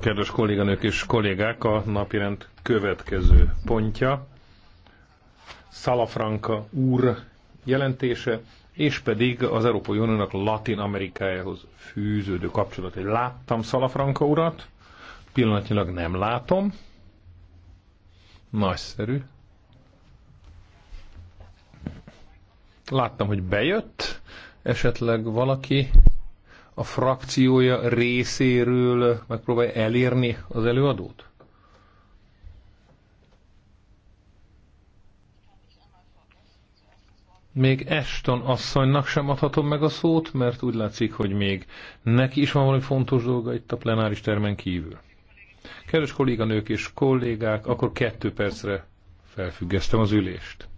Kedves kolléganők és kollégák, a napirend következő pontja Szalafranka úr jelentése, és pedig az Európai Uniónak Latin Amerikájához fűződő kapcsolat. Láttam Szalafranka urat, pillanatnyilag nem látom. Nagyszerű. Láttam, hogy bejött esetleg valaki a frakciója részéről megpróbálja elérni az előadót? Még Eston asszonynak sem adhatom meg a szót, mert úgy látszik, hogy még neki is van valami fontos dolga itt a plenáris termen kívül. Kedves kolléganők és kollégák, akkor kettő percre felfüggesztem az ülést.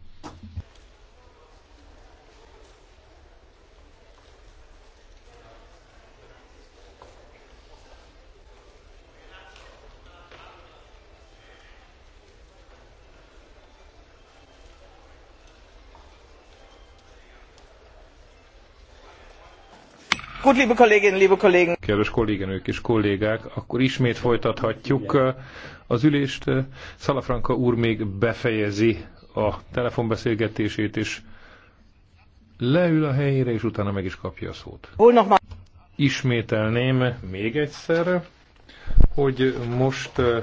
Gut, liebe Kolleginnen, liebe Kollegen. Kedves kolléganők és kollégák, akkor ismét folytathatjuk eh, az ülést. Eh, Szalafranka úr még befejezi a telefonbeszélgetését, és leül a helyére, és utána meg is kapja a szót. Ismételném még egyszer, hogy most eh,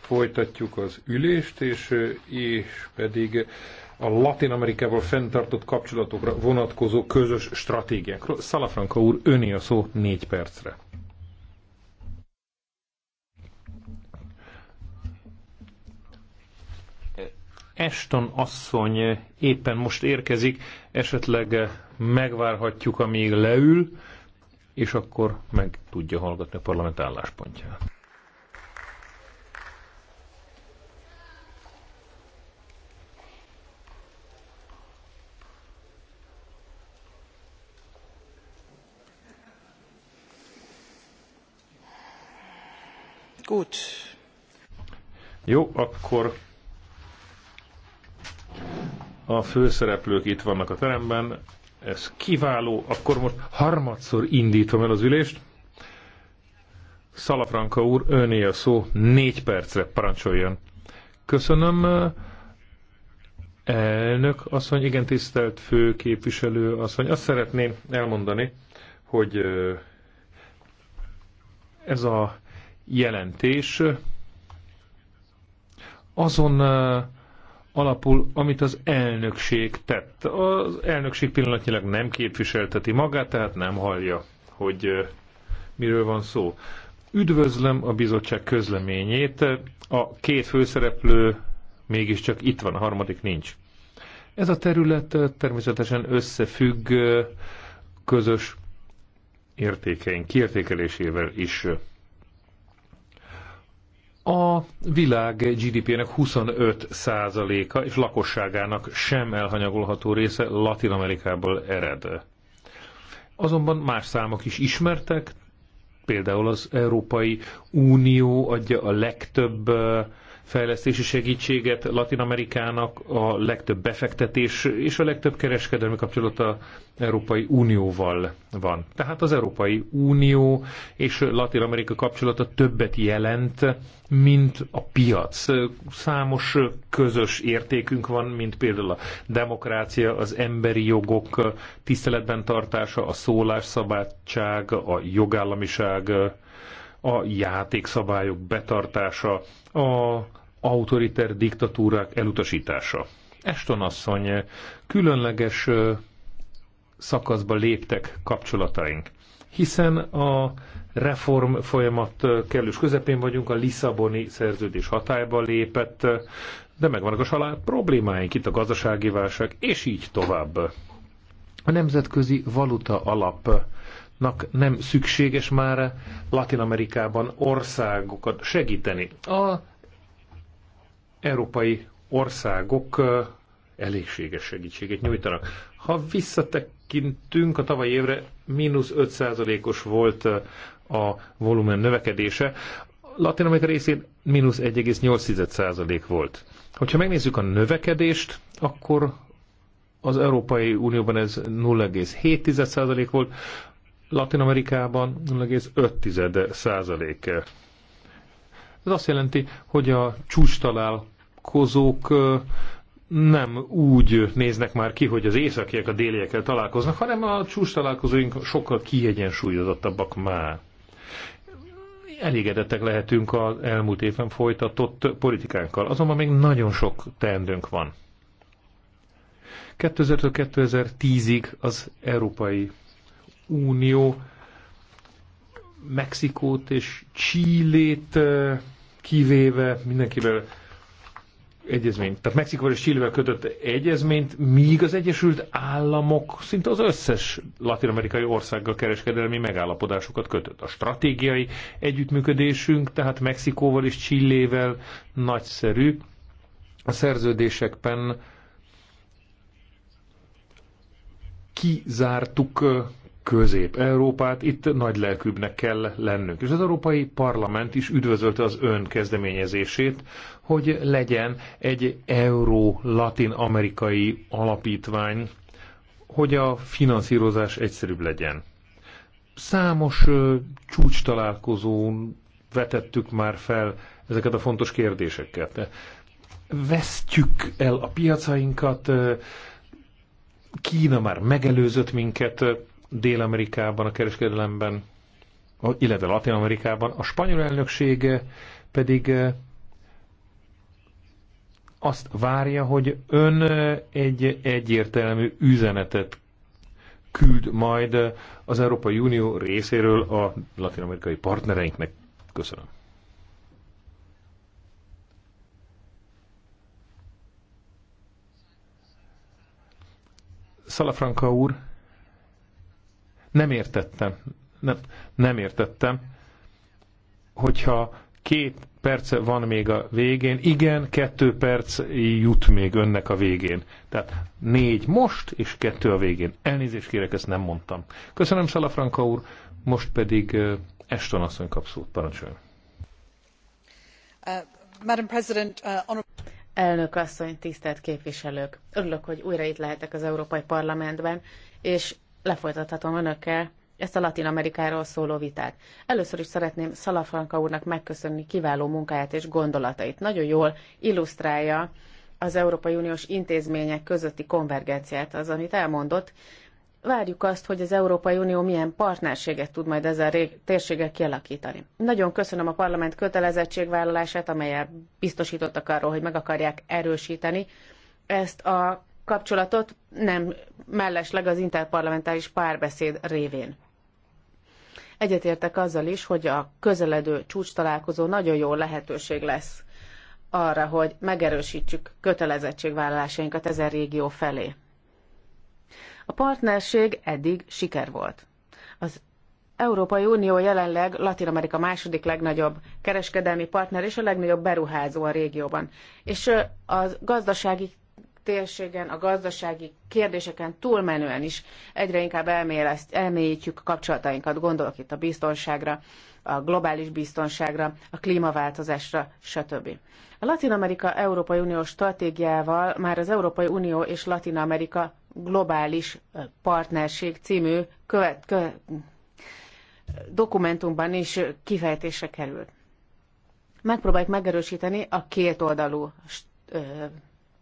folytatjuk az ülést, és, és pedig a Latin Amerikával fenntartott kapcsolatokra vonatkozó közös stratégiákról. Szalafranka úr, öné a szó négy percre. Eston asszony éppen most érkezik, esetleg megvárhatjuk, amíg leül, és akkor meg tudja hallgatni a parlament álláspontját. Gut. Jó, akkor a főszereplők itt vannak a teremben. Ez kiváló. Akkor most harmadszor indítom el az ülést. Szalafranka úr, öné a szó, négy percre parancsoljon. Köszönöm. Elnök asszony, igen, tisztelt főképviselő, asszony. Azt szeretném elmondani, hogy ez a jelentés azon alapul, amit az elnökség tett. Az elnökség pillanatnyilag nem képviselteti magát, tehát nem hallja, hogy miről van szó. Üdvözlöm a bizottság közleményét. A két főszereplő mégiscsak itt van, a harmadik nincs. Ez a terület természetesen összefügg közös értékeink kiértékelésével is a világ GDP-nek 25%-a és lakosságának sem elhanyagolható része Latin Amerikából ered. Azonban más számok is ismertek, például az Európai Unió adja a legtöbb fejlesztési segítséget Latin Amerikának, a legtöbb befektetés és a legtöbb kereskedelmi kapcsolat a Európai Unióval van. Tehát az Európai Unió és Latin Amerika kapcsolata többet jelent, mint a piac. Számos közös értékünk van, mint például a demokrácia, az emberi jogok tiszteletben tartása, a szólásszabadság, a jogállamiság, a játékszabályok betartása, a autoriter diktatúrák elutasítása. Eston asszony, különleges szakaszba léptek kapcsolataink, hiszen a reform folyamat kellős közepén vagyunk, a Lisszaboni szerződés hatályba lépett, de megvannak a család problémáink, itt a gazdasági válság, és így tovább. A nemzetközi valuta alap nak nem szükséges már Latin Amerikában országokat segíteni. A európai országok elégséges segítséget nyújtanak. Ha visszatekintünk a tavalyi évre, mínusz 5%-os volt a volumen növekedése, Latin Amerika részén mínusz 1,8% volt. Hogyha megnézzük a növekedést, akkor az Európai Unióban ez 0,7% volt, Latin Amerikában 0,5 százaléke. Ez azt jelenti, hogy a csúcs találkozók nem úgy néznek már ki, hogy az északiek a déliekkel találkoznak, hanem a csúcs találkozóink sokkal kiegyensúlyozottabbak már. Elégedettek lehetünk az elmúlt évben folytatott politikánkkal, azonban még nagyon sok teendőnk van. 2000-2010-ig az Európai Unió Mexikót és Csillét kivéve mindenkivel egyezményt. Tehát Mexikóval és Csillével kötött egyezményt, míg az Egyesült Államok szinte az összes latin-amerikai országgal kereskedelmi megállapodásokat kötött. A stratégiai együttműködésünk, tehát Mexikóval és Csillével nagyszerű. A szerződésekben kizártuk Közép-Európát, itt nagy lelkűbbnek kell lennünk. És az Európai Parlament is üdvözölte az ön kezdeményezését, hogy legyen egy euró-latin-amerikai alapítvány, hogy a finanszírozás egyszerűbb legyen. Számos csúcs találkozón vetettük már fel ezeket a fontos kérdéseket. Vesztjük el a piacainkat, Kína már megelőzött minket, Dél-Amerikában, a kereskedelemben, illetve Latin-Amerikában. A spanyol elnökség pedig eh, azt várja, hogy ön eh, egy egyértelmű üzenetet küld majd eh, az Európai Unió részéről a latinamerikai partnereinknek. Köszönöm. Salafranca úr, nem értettem. Nem, nem értettem, hogyha két perce van még a végén, igen, kettő perc jut még önnek a végén. Tehát négy most, és kettő a végén. Elnézést kérek, ezt nem mondtam. Köszönöm, Szalafranka úr, most pedig Eston asszony kap szót, parancsoljon. Uh, uh Elnök asszony, tisztelt képviselők! Örülök, hogy újra itt lehetek az Európai Parlamentben, és lefolytathatom önökkel ezt a Latin Amerikáról szóló vitát. Először is szeretném Szalafranka úrnak megköszönni kiváló munkáját és gondolatait. Nagyon jól illusztrálja az Európai Uniós intézmények közötti konvergenciát, az, amit elmondott. Várjuk azt, hogy az Európai Unió milyen partnerséget tud majd ezzel a térséggel kialakítani. Nagyon köszönöm a parlament kötelezettségvállalását, amelyel biztosítottak arról, hogy meg akarják erősíteni ezt a kapcsolatot, nem mellesleg az interparlamentáris párbeszéd révén. Egyetértek azzal is, hogy a közeledő csúcs találkozó nagyon jó lehetőség lesz arra, hogy megerősítsük kötelezettségvállalásainkat ezen régió felé. A partnerség eddig siker volt. Az Európai Unió jelenleg Latin Amerika második legnagyobb kereskedelmi partner és a legnagyobb beruházó a régióban. És az gazdasági térségen, a gazdasági kérdéseken túlmenően is egyre inkább elmélyítjük a kapcsolatainkat. Gondolok itt a biztonságra, a globális biztonságra, a klímaváltozásra, stb. A Latin Amerika Európai Unió stratégiával már az Európai Unió és Latin Amerika globális partnerség című követ, kö, dokumentumban is kifejtésre került. Megpróbáljuk megerősíteni a kétoldalú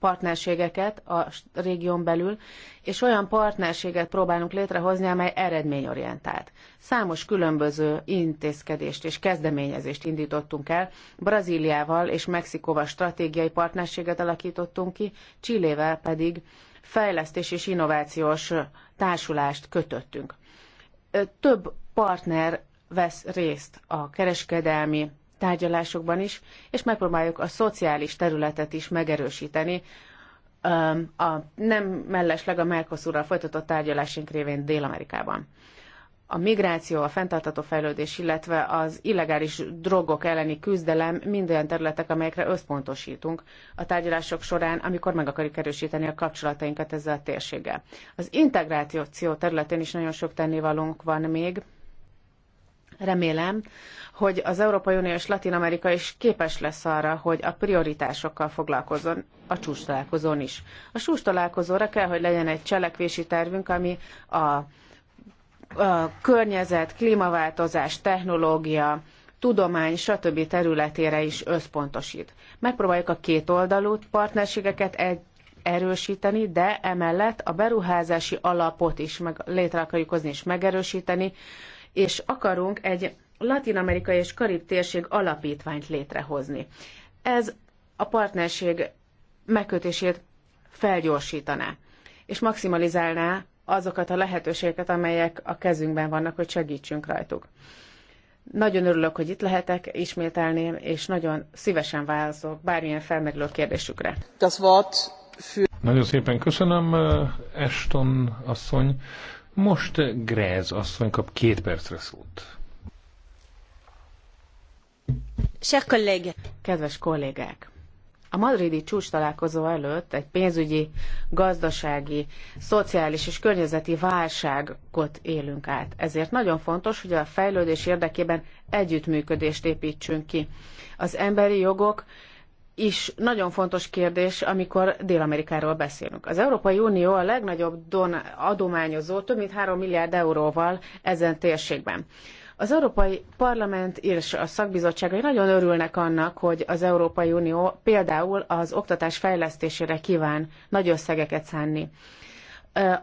partnerségeket a régión belül, és olyan partnerséget próbálunk létrehozni, amely eredményorientált. Számos különböző intézkedést és kezdeményezést indítottunk el, Brazíliával és Mexikóval stratégiai partnerséget alakítottunk ki, Csillével pedig fejlesztés és innovációs társulást kötöttünk. Több partner vesz részt a kereskedelmi tárgyalásokban is, és megpróbáljuk a szociális területet is megerősíteni, a nem mellesleg a Mercosurral folytatott tárgyalásunk révén Dél-Amerikában. A migráció, a fenntartató fejlődés, illetve az illegális drogok elleni küzdelem mind olyan területek, amelyekre összpontosítunk a tárgyalások során, amikor meg akarjuk erősíteni a kapcsolatainkat ezzel a térséggel. Az integráció területén is nagyon sok tennivalónk van még, Remélem, hogy az Európai Unió és Latin Amerika is képes lesz arra, hogy a prioritásokkal foglalkozzon a csúcstalálkozón is. A csúcstalálkozóra kell, hogy legyen egy cselekvési tervünk, ami a, a környezet, klímaváltozás, technológia, tudomány, stb. területére is összpontosít. Megpróbáljuk a kétoldalú partnerségeket egy erősíteni, de emellett a beruházási alapot is meg, létre akarjuk hozni és megerősíteni, és akarunk egy latin-amerikai és karib térség alapítványt létrehozni. Ez a partnerség megkötését felgyorsítaná, és maximalizálná azokat a lehetőségeket, amelyek a kezünkben vannak, hogy segítsünk rajtuk. Nagyon örülök, hogy itt lehetek, ismételném, és nagyon szívesen válaszolok bármilyen felmerülő kérdésükre. Das Wort für... Nagyon szépen köszönöm, Eston asszony. Most Grez asszony kap két percre szót. Kedves kollégák! A madridi csúcs találkozó előtt egy pénzügyi, gazdasági, szociális és környezeti válságot élünk át. Ezért nagyon fontos, hogy a fejlődés érdekében együttműködést építsünk ki. Az emberi jogok is nagyon fontos kérdés, amikor Dél-Amerikáról beszélünk. Az Európai Unió a legnagyobb don adományozó, több mint 3 milliárd euróval ezen térségben. Az Európai Parlament és a szakbizottságai nagyon örülnek annak, hogy az Európai Unió például az oktatás fejlesztésére kíván nagy összegeket szánni.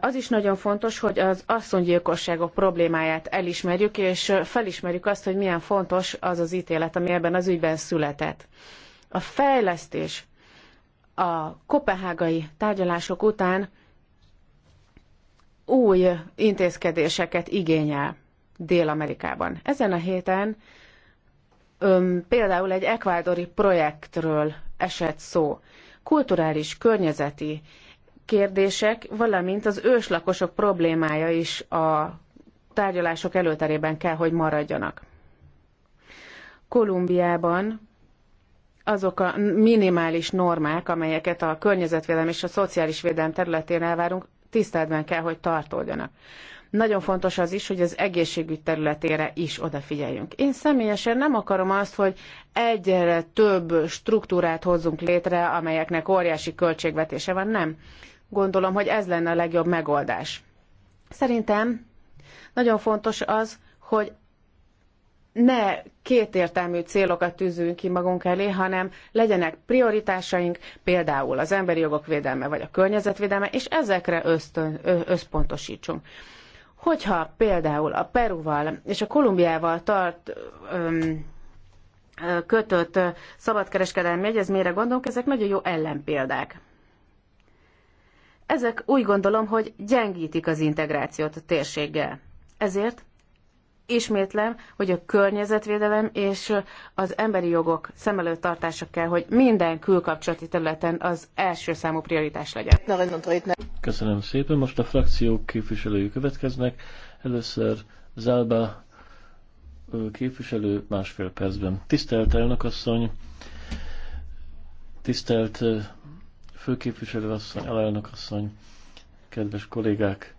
Az is nagyon fontos, hogy az asszonygyilkosságok problémáját elismerjük, és felismerjük azt, hogy milyen fontos az az ítélet, ami ebben az ügyben született a fejlesztés a kopenhágai tárgyalások után új intézkedéseket igényel Dél-Amerikában. Ezen a héten öm, például egy ekvádori projektről esett szó. Kulturális, környezeti kérdések, valamint az őslakosok problémája is a tárgyalások előterében kell, hogy maradjanak. Kolumbiában azok a minimális normák, amelyeket a környezetvédelem és a szociális védelem területén elvárunk, tiszteletben kell, hogy tartódjanak. Nagyon fontos az is, hogy az egészségügy területére is odafigyeljünk. Én személyesen nem akarom azt, hogy egyre több struktúrát hozzunk létre, amelyeknek óriási költségvetése van, nem. Gondolom, hogy ez lenne a legjobb megoldás. Szerintem nagyon fontos az, hogy ne kétértelmű célokat tűzünk ki magunk elé, hanem legyenek prioritásaink, például az emberi jogok védelme vagy a környezetvédelme, és ezekre ösztön, ö, összpontosítsunk. Hogyha például a Peruval és a Kolumbiával tart öm, kötött szabadkereskedelmi egyezményre gondolunk, ezek nagyon jó ellenpéldák. Ezek úgy gondolom, hogy gyengítik az integrációt a térséggel. Ezért ismétlem, hogy a környezetvédelem és az emberi jogok szem előtt tartása kell, hogy minden külkapcsolati területen az első számú prioritás legyen. Köszönöm szépen. Most a frakciók képviselői következnek. Először Zálba képviselő másfél percben. Tisztelt elnökasszony, tisztelt főképviselőasszony, alelnökasszony, kedves kollégák!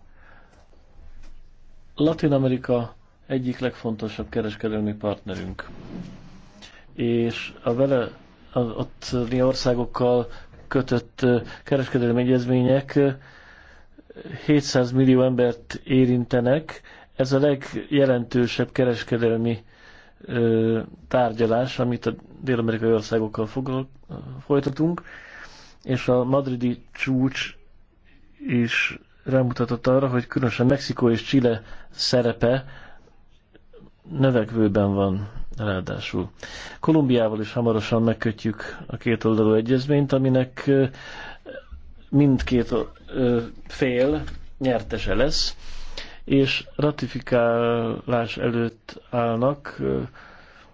Latin Amerika egyik legfontosabb kereskedelmi partnerünk. És a vele az ottani országokkal kötött kereskedelmi egyezmények 700 millió embert érintenek. Ez a legjelentősebb kereskedelmi tárgyalás, amit a dél-amerikai országokkal folytatunk, és a madridi csúcs is rámutatott arra, hogy különösen Mexikó és Chile szerepe növekvőben van ráadásul. Kolumbiával is hamarosan megkötjük a két oldalú egyezményt, aminek mindkét fél nyertese lesz, és ratifikálás előtt állnak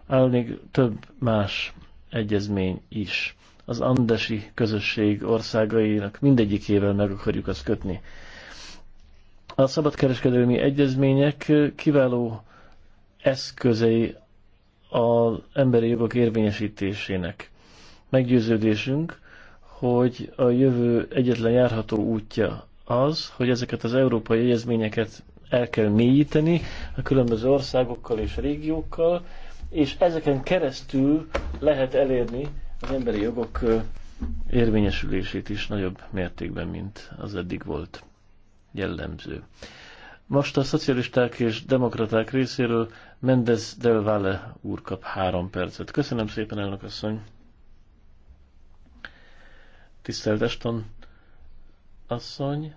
állni több más egyezmény is. Az andesi közösség országainak mindegyikével meg akarjuk azt kötni. A szabadkereskedelmi egyezmények kiváló eszközei az emberi jogok érvényesítésének. Meggyőződésünk, hogy a jövő egyetlen járható útja az, hogy ezeket az európai egyezményeket el kell mélyíteni a különböző országokkal és régiókkal, és ezeken keresztül lehet elérni az emberi jogok érvényesülését is nagyobb mértékben, mint az eddig volt jellemző. Most a szocialisták és demokraták részéről Mendez del Valle úr kap három percet. Köszönöm szépen, elnök asszony. Tisztelt Eston asszony.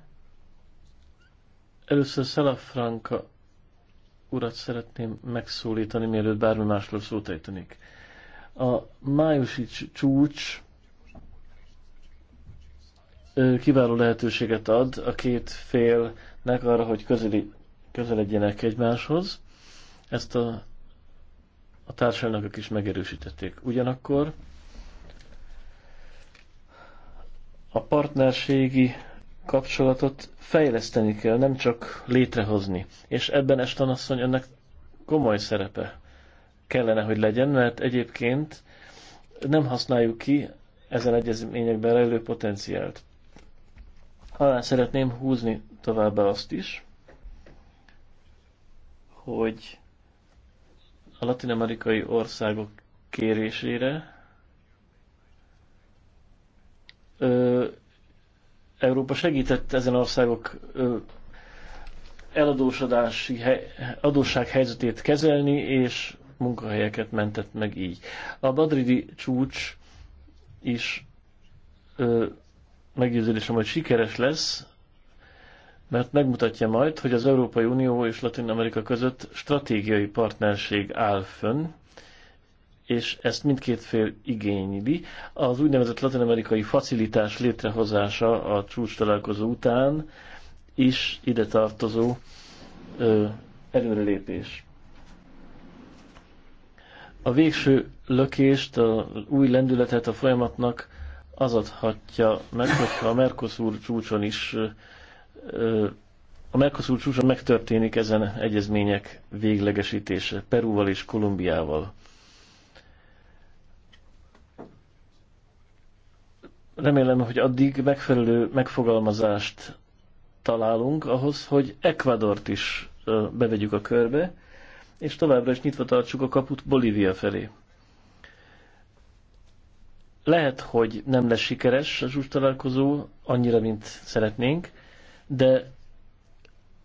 Először Franka urat szeretném megszólítani, mielőtt bármi másról szót ejtenék. A májusi csúcs kiváló lehetőséget ad a két félnek arra, hogy közeli, közeledjenek egymáshoz ezt a, a társadalmak is megerősítették. Ugyanakkor a partnerségi kapcsolatot fejleszteni kell, nem csak létrehozni. És ebben Eston asszony ennek komoly szerepe kellene, hogy legyen, mert egyébként nem használjuk ki ezen egyezményekben rejlő potenciált. Alá szeretném húzni továbbá azt is, hogy a latinamerikai országok kérésére ö, Európa segített ezen országok ö, eladósodási hely, adósság helyzetét kezelni, és munkahelyeket mentett meg így. A Badridi csúcs is ö, meggyőződésem, hogy sikeres lesz, mert megmutatja majd, hogy az Európai Unió és Latin Amerika között stratégiai partnerség áll fönn, és ezt mindkét fél igényli. Az úgynevezett latin-amerikai facilitás létrehozása a csúcs találkozó után is ide tartozó ö, előrelépés. A végső lökést, a új lendületet a folyamatnak az adhatja meg, hogyha a Mercosur csúcson is a Mercosur csúcson megtörténik ezen egyezmények véglegesítése Perúval és Kolumbiával. Remélem, hogy addig megfelelő megfogalmazást találunk ahhoz, hogy Ekvadort is bevegyük a körbe, és továbbra is nyitva tartsuk a kaput Bolívia felé. Lehet, hogy nem lesz sikeres a találkozó, annyira, mint szeretnénk, de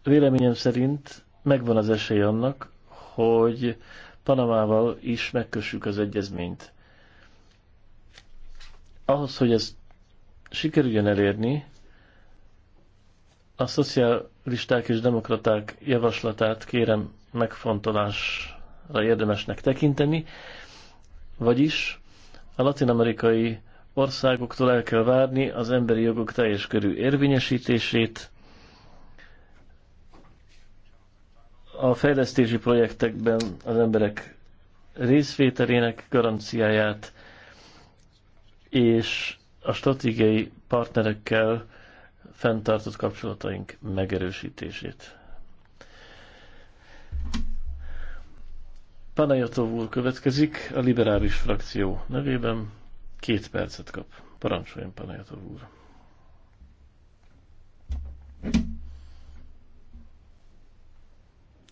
véleményem szerint megvan az esély annak, hogy Panamával is megkössük az egyezményt. Ahhoz, hogy ez sikerüljön elérni, a szocialisták és demokraták javaslatát kérem megfontolásra érdemesnek tekinteni, vagyis a Latinamerikai országoktól el kell várni az emberi jogok teljes körű érvényesítését, a fejlesztési projektekben az emberek részvételének garanciáját és a stratégiai partnerekkel fenntartott kapcsolataink megerősítését. Panajatov úr következik a liberális frakció nevében. Két percet kap. Parancsoljon, Panajatov úr. Thank you.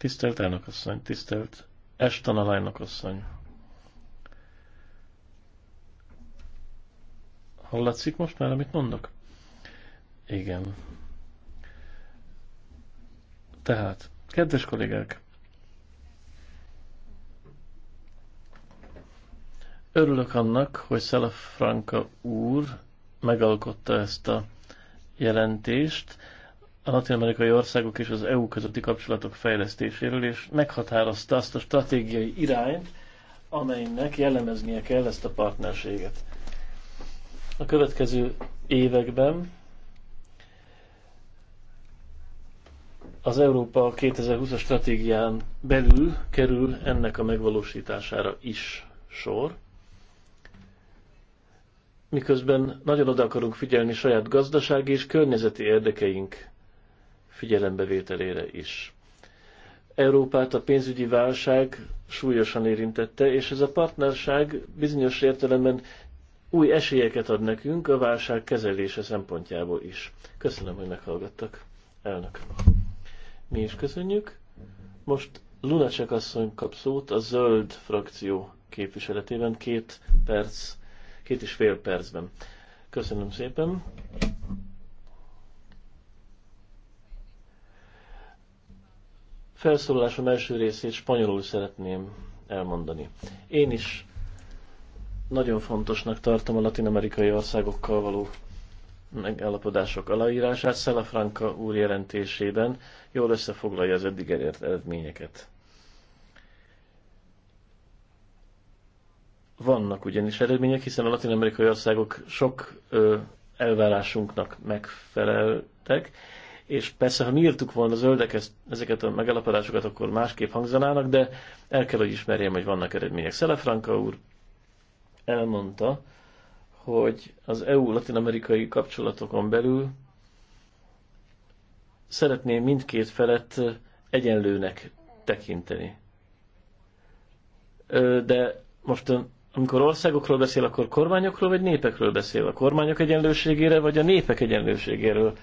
Tisztelt elnökasszony, tisztelt Eston alelnökasszony. Hallatszik most már, amit mondok? Igen. Tehát, kedves kollégák, örülök annak, hogy Szala Franka úr megalkotta ezt a jelentést a latin-amerikai országok és az EU közötti kapcsolatok fejlesztéséről, és meghatározta azt a stratégiai irányt, amelynek jellemeznie kell ezt a partnerséget. A következő években az Európa 2020-as stratégián belül kerül ennek a megvalósítására is sor miközben nagyon oda akarunk figyelni saját gazdasági és környezeti érdekeink figyelembevételére is. Európát a pénzügyi válság súlyosan érintette, és ez a partnerság bizonyos értelemben új esélyeket ad nekünk a válság kezelése szempontjából is. Köszönöm, hogy meghallgattak, elnök. Mi is köszönjük. Most Lunacek asszony kap szót a zöld frakció képviseletében két perc, két és fél percben. Köszönöm szépen. Felszólalásom első részét spanyolul szeretném elmondani. Én is nagyon fontosnak tartom a latin-amerikai országokkal való megállapodások aláírását. Franca úr jelentésében jól összefoglalja az eddig elért eredményeket. Vannak ugyanis eredmények, hiszen a latin-amerikai országok sok ö, elvárásunknak megfeleltek, és persze, ha mi írtuk volna a zöldek ezt, ezeket a megállapodásokat, akkor másképp hangzanának, de el kell, hogy ismerjem, hogy vannak eredmények. Szelefranka úr elmondta, hogy az EU-latinamerikai kapcsolatokon belül szeretném mindkét felet egyenlőnek tekinteni. De most amikor országokról beszél, akkor kormányokról vagy népekről beszél? A kormányok egyenlőségére vagy a népek egyenlőségéről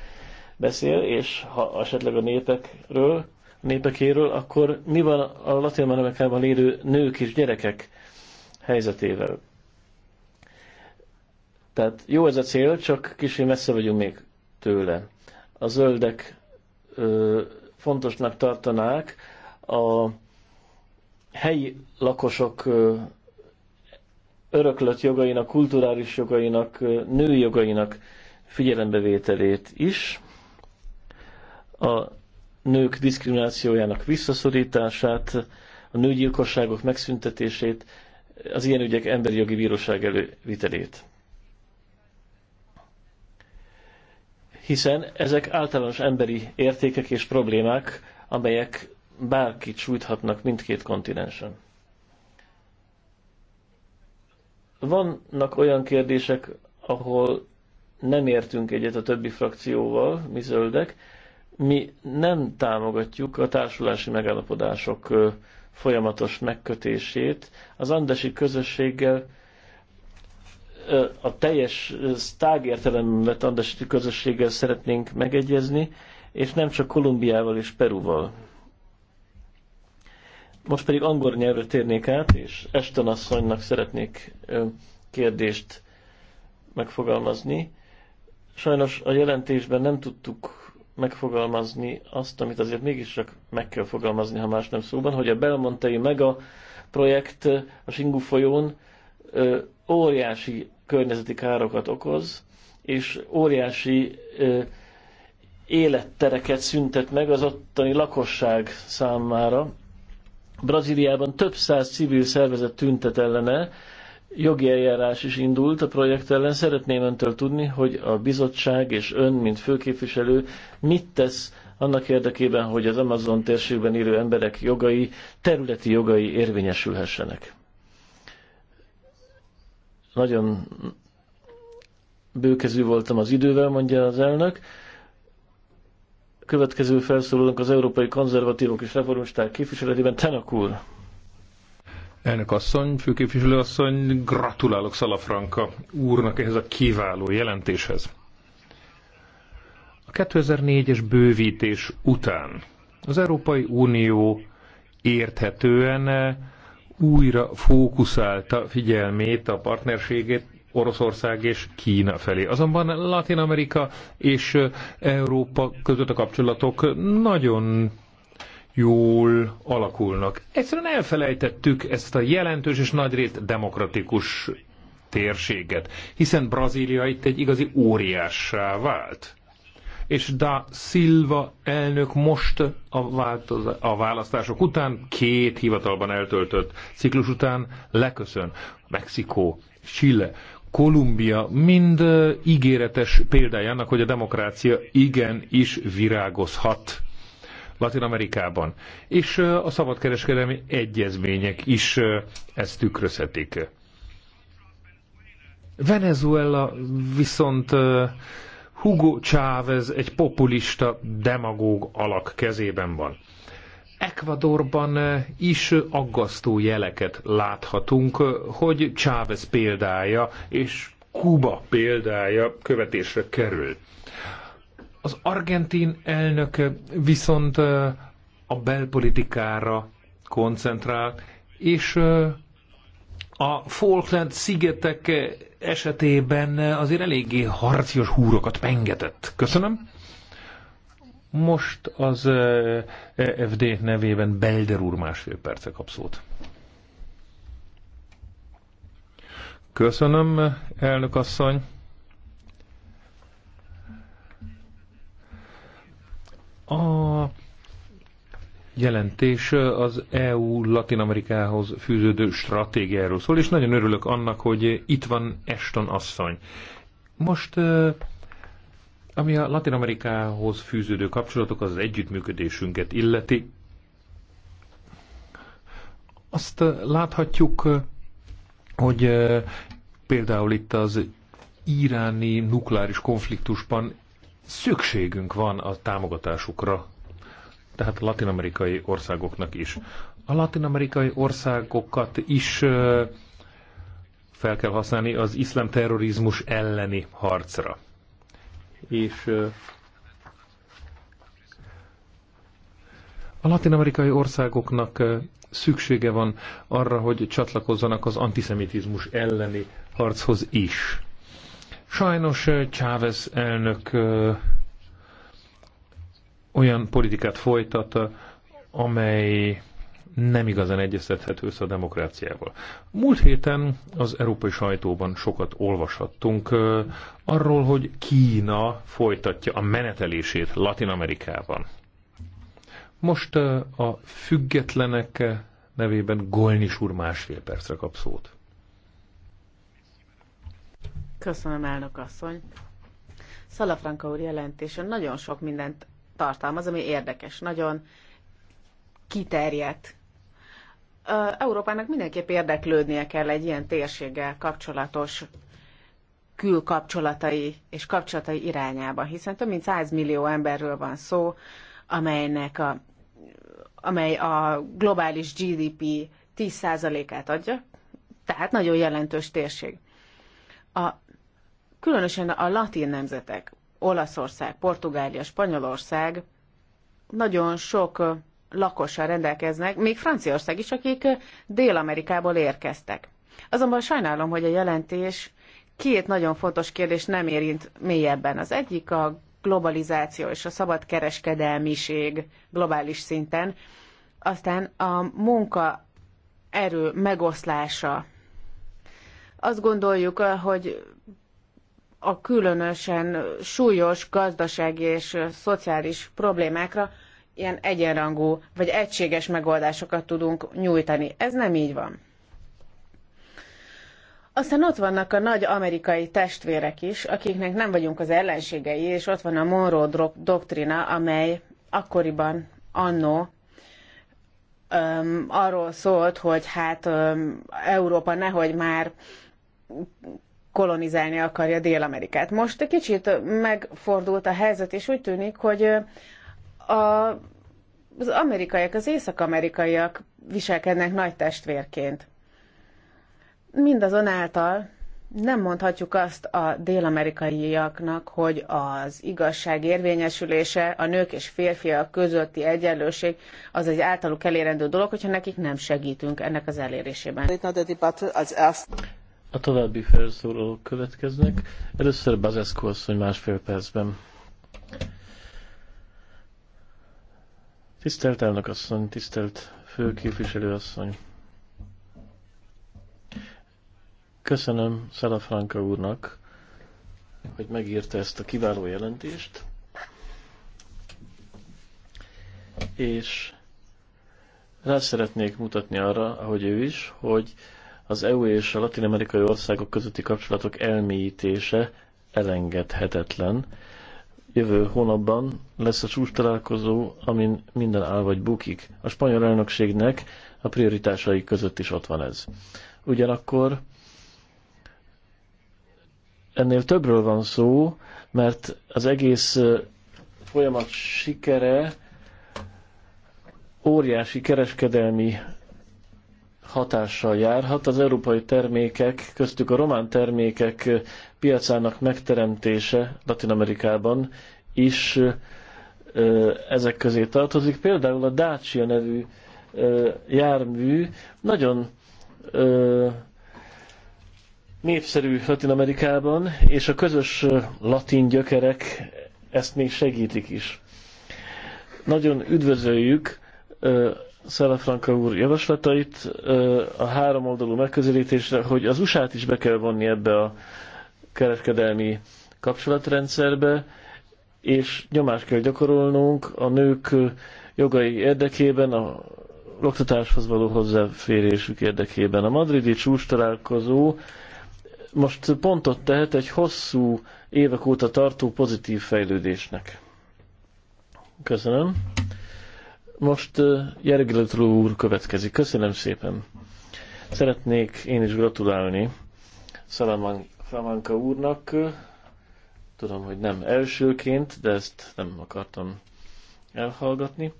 beszél, és ha esetleg a népekről, a népekéről, akkor mi van a latin amerikában lévő nők és gyerekek helyzetével? Tehát jó ez a cél, csak kicsit messze vagyunk még tőle. A zöldek ö, fontosnak tartanák a helyi lakosok ö, öröklött jogainak, kulturális jogainak, női jogainak figyelembevételét is a nők diszkriminációjának visszaszorítását, a nőgyilkosságok megszüntetését, az ilyen ügyek emberi jogi bíróság elővitelét. Hiszen ezek általános emberi értékek és problémák, amelyek bárkit sújthatnak mindkét kontinensen. Vannak olyan kérdések, ahol nem értünk egyet a többi frakcióval, mi zöldek, mi nem támogatjuk a társulási megállapodások folyamatos megkötését. Az andesi közösséggel a teljes tágértelemben vett andesi közösséggel szeretnénk megegyezni, és nem csak Kolumbiával és Peruval. Most pedig angol nyelvre térnék át, és Eston asszonynak szeretnék kérdést megfogalmazni. Sajnos a jelentésben nem tudtuk megfogalmazni azt, amit azért mégis csak meg kell fogalmazni, ha más nem szóban, hogy a Belmontei Mega projekt a Singu folyón ö, óriási környezeti károkat okoz, és óriási ö, élettereket szüntet meg az ottani lakosság számára. Brazíliában több száz civil szervezet tüntet ellene, jogi eljárás is indult a projekt ellen. Szeretném öntől tudni, hogy a bizottság és ön, mint főképviselő, mit tesz annak érdekében, hogy az Amazon térségben élő emberek jogai, területi jogai érvényesülhessenek. Nagyon bőkezű voltam az idővel, mondja az elnök. Következő felszólalunk az európai konzervatívok és reformisták képviseletében, Tenak úr. Elnök asszony, főképviselő asszony, gratulálok Szalafranka úrnak ehhez a kiváló jelentéshez. A 2004-es bővítés után az Európai Unió érthetően újra fókuszálta figyelmét a partnerségét Oroszország és Kína felé. Azonban Latin Amerika és Európa között a kapcsolatok nagyon jól alakulnak. Egyszerűen elfelejtettük ezt a jelentős és nagyrészt demokratikus térséget, hiszen Brazília itt egy igazi óriássá vált. És da Silva elnök most a, a választások után, két hivatalban eltöltött ciklus után leköszön. Mexikó, Chile, Kolumbia mind ígéretes példája annak, hogy a demokrácia igen is virágozhat Latin Amerikában. És a szabadkereskedelmi egyezmények is ezt tükrözhetik. Venezuela viszont Hugo Chávez egy populista demagóg alak kezében van. Ecuadorban is aggasztó jeleket láthatunk, hogy Chávez példája és Kuba példája követésre kerül. Az argentin elnök viszont a belpolitikára koncentrál, és a Falkland szigetek esetében azért eléggé harcios húrokat pengetett. Köszönöm. Most az EFD nevében Belder úr másfél perce kap szót. Köszönöm, elnök asszony. A jelentés az EU Latin Amerikához fűződő stratégiáról szól, és nagyon örülök annak, hogy itt van Eston asszony. Most, ami a Latin Amerikához fűződő kapcsolatok, az együttműködésünket illeti, azt láthatjuk, hogy például itt az iráni nukleáris konfliktusban szükségünk van a támogatásukra, tehát latinamerikai országoknak is. A latinamerikai országokat is fel kell használni az iszlám terrorizmus elleni harcra. És a latinamerikai országoknak szüksége van arra, hogy csatlakozzanak az antiszemitizmus elleni harchoz is. Sajnos Chávez elnök olyan politikát folytat, amely nem igazán egyeztethető össze a demokráciával. Múlt héten az európai sajtóban sokat olvashattunk arról, hogy Kína folytatja a menetelését Latin Amerikában. Most a függetlenek nevében Golnis úr másfél percre kap szót. Köszönöm, elnök asszony. Szalafranka úr jelentése nagyon sok mindent tartalmaz, ami érdekes, nagyon kiterjedt. Európának mindenképp érdeklődnie kell egy ilyen térséggel kapcsolatos külkapcsolatai és kapcsolatai irányába, hiszen több mint 100 millió emberről van szó, amelynek a, amely a globális GDP 10%-át adja, tehát nagyon jelentős térség. A Különösen a latin nemzetek, Olaszország, Portugália, Spanyolország nagyon sok lakossal rendelkeznek, még Franciaország is, akik Dél-Amerikából érkeztek. Azonban sajnálom, hogy a jelentés két nagyon fontos kérdés nem érint mélyebben. Az egyik a globalizáció és a szabad kereskedelmiség globális szinten, aztán a munka erő megoszlása. Azt gondoljuk, hogy a különösen súlyos gazdasági és szociális problémákra ilyen egyenrangú vagy egységes megoldásokat tudunk nyújtani. Ez nem így van. Aztán ott vannak a nagy amerikai testvérek is, akiknek nem vagyunk az ellenségei, és ott van a Monroe doktrina, amely akkoriban annó um, arról szólt, hogy hát um, Európa nehogy már kolonizálni akarja Dél-Amerikát. Most egy kicsit megfordult a helyzet, és úgy tűnik, hogy a, az amerikaiak, az észak-amerikaiak viselkednek nagy testvérként. Mindazonáltal nem mondhatjuk azt a dél-amerikaiaknak, hogy az igazság érvényesülése, a nők és férfiak közötti egyenlőség az egy általuk elérendő dolog, hogyha nekik nem segítünk ennek az elérésében. A további felszólalók következnek. Először Bazeszko asszony másfél percben. Tisztelt elnök asszony, tisztelt főképviselő asszony. Köszönöm Szalafranka úrnak, hogy megírta ezt a kiváló jelentést. És rá szeretnék mutatni arra, ahogy ő is, hogy az EU és a latin-amerikai országok közötti kapcsolatok elmélyítése elengedhetetlen. Jövő hónapban lesz a csúcs találkozó, amin minden áll vagy bukik. A spanyol elnökségnek a prioritásai között is ott van ez. Ugyanakkor ennél többről van szó, mert az egész folyamat sikere óriási kereskedelmi hatással járhat. Az európai termékek, köztük a román termékek piacának megteremtése Latin Amerikában is ezek közé tartozik. Például a Dacia nevű jármű nagyon népszerű Latin Amerikában, és a közös latin gyökerek ezt még segítik is. Nagyon üdvözöljük Szelefranka úr javaslatait a három oldalú megközelítésre, hogy az USA-t is be kell vonni ebbe a kereskedelmi kapcsolatrendszerbe, és nyomást kell gyakorolnunk a nők jogai érdekében, a oktatáshoz való hozzáférésük érdekében. A madridi csúcs találkozó most pontot tehet egy hosszú évek óta tartó pozitív fejlődésnek. Köszönöm. Most Jergeletró úr következik. Köszönöm szépen. Szeretnék én is gratulálni Flamanka úrnak. Tudom, hogy nem elsőként, de ezt nem akartam elhallgatni.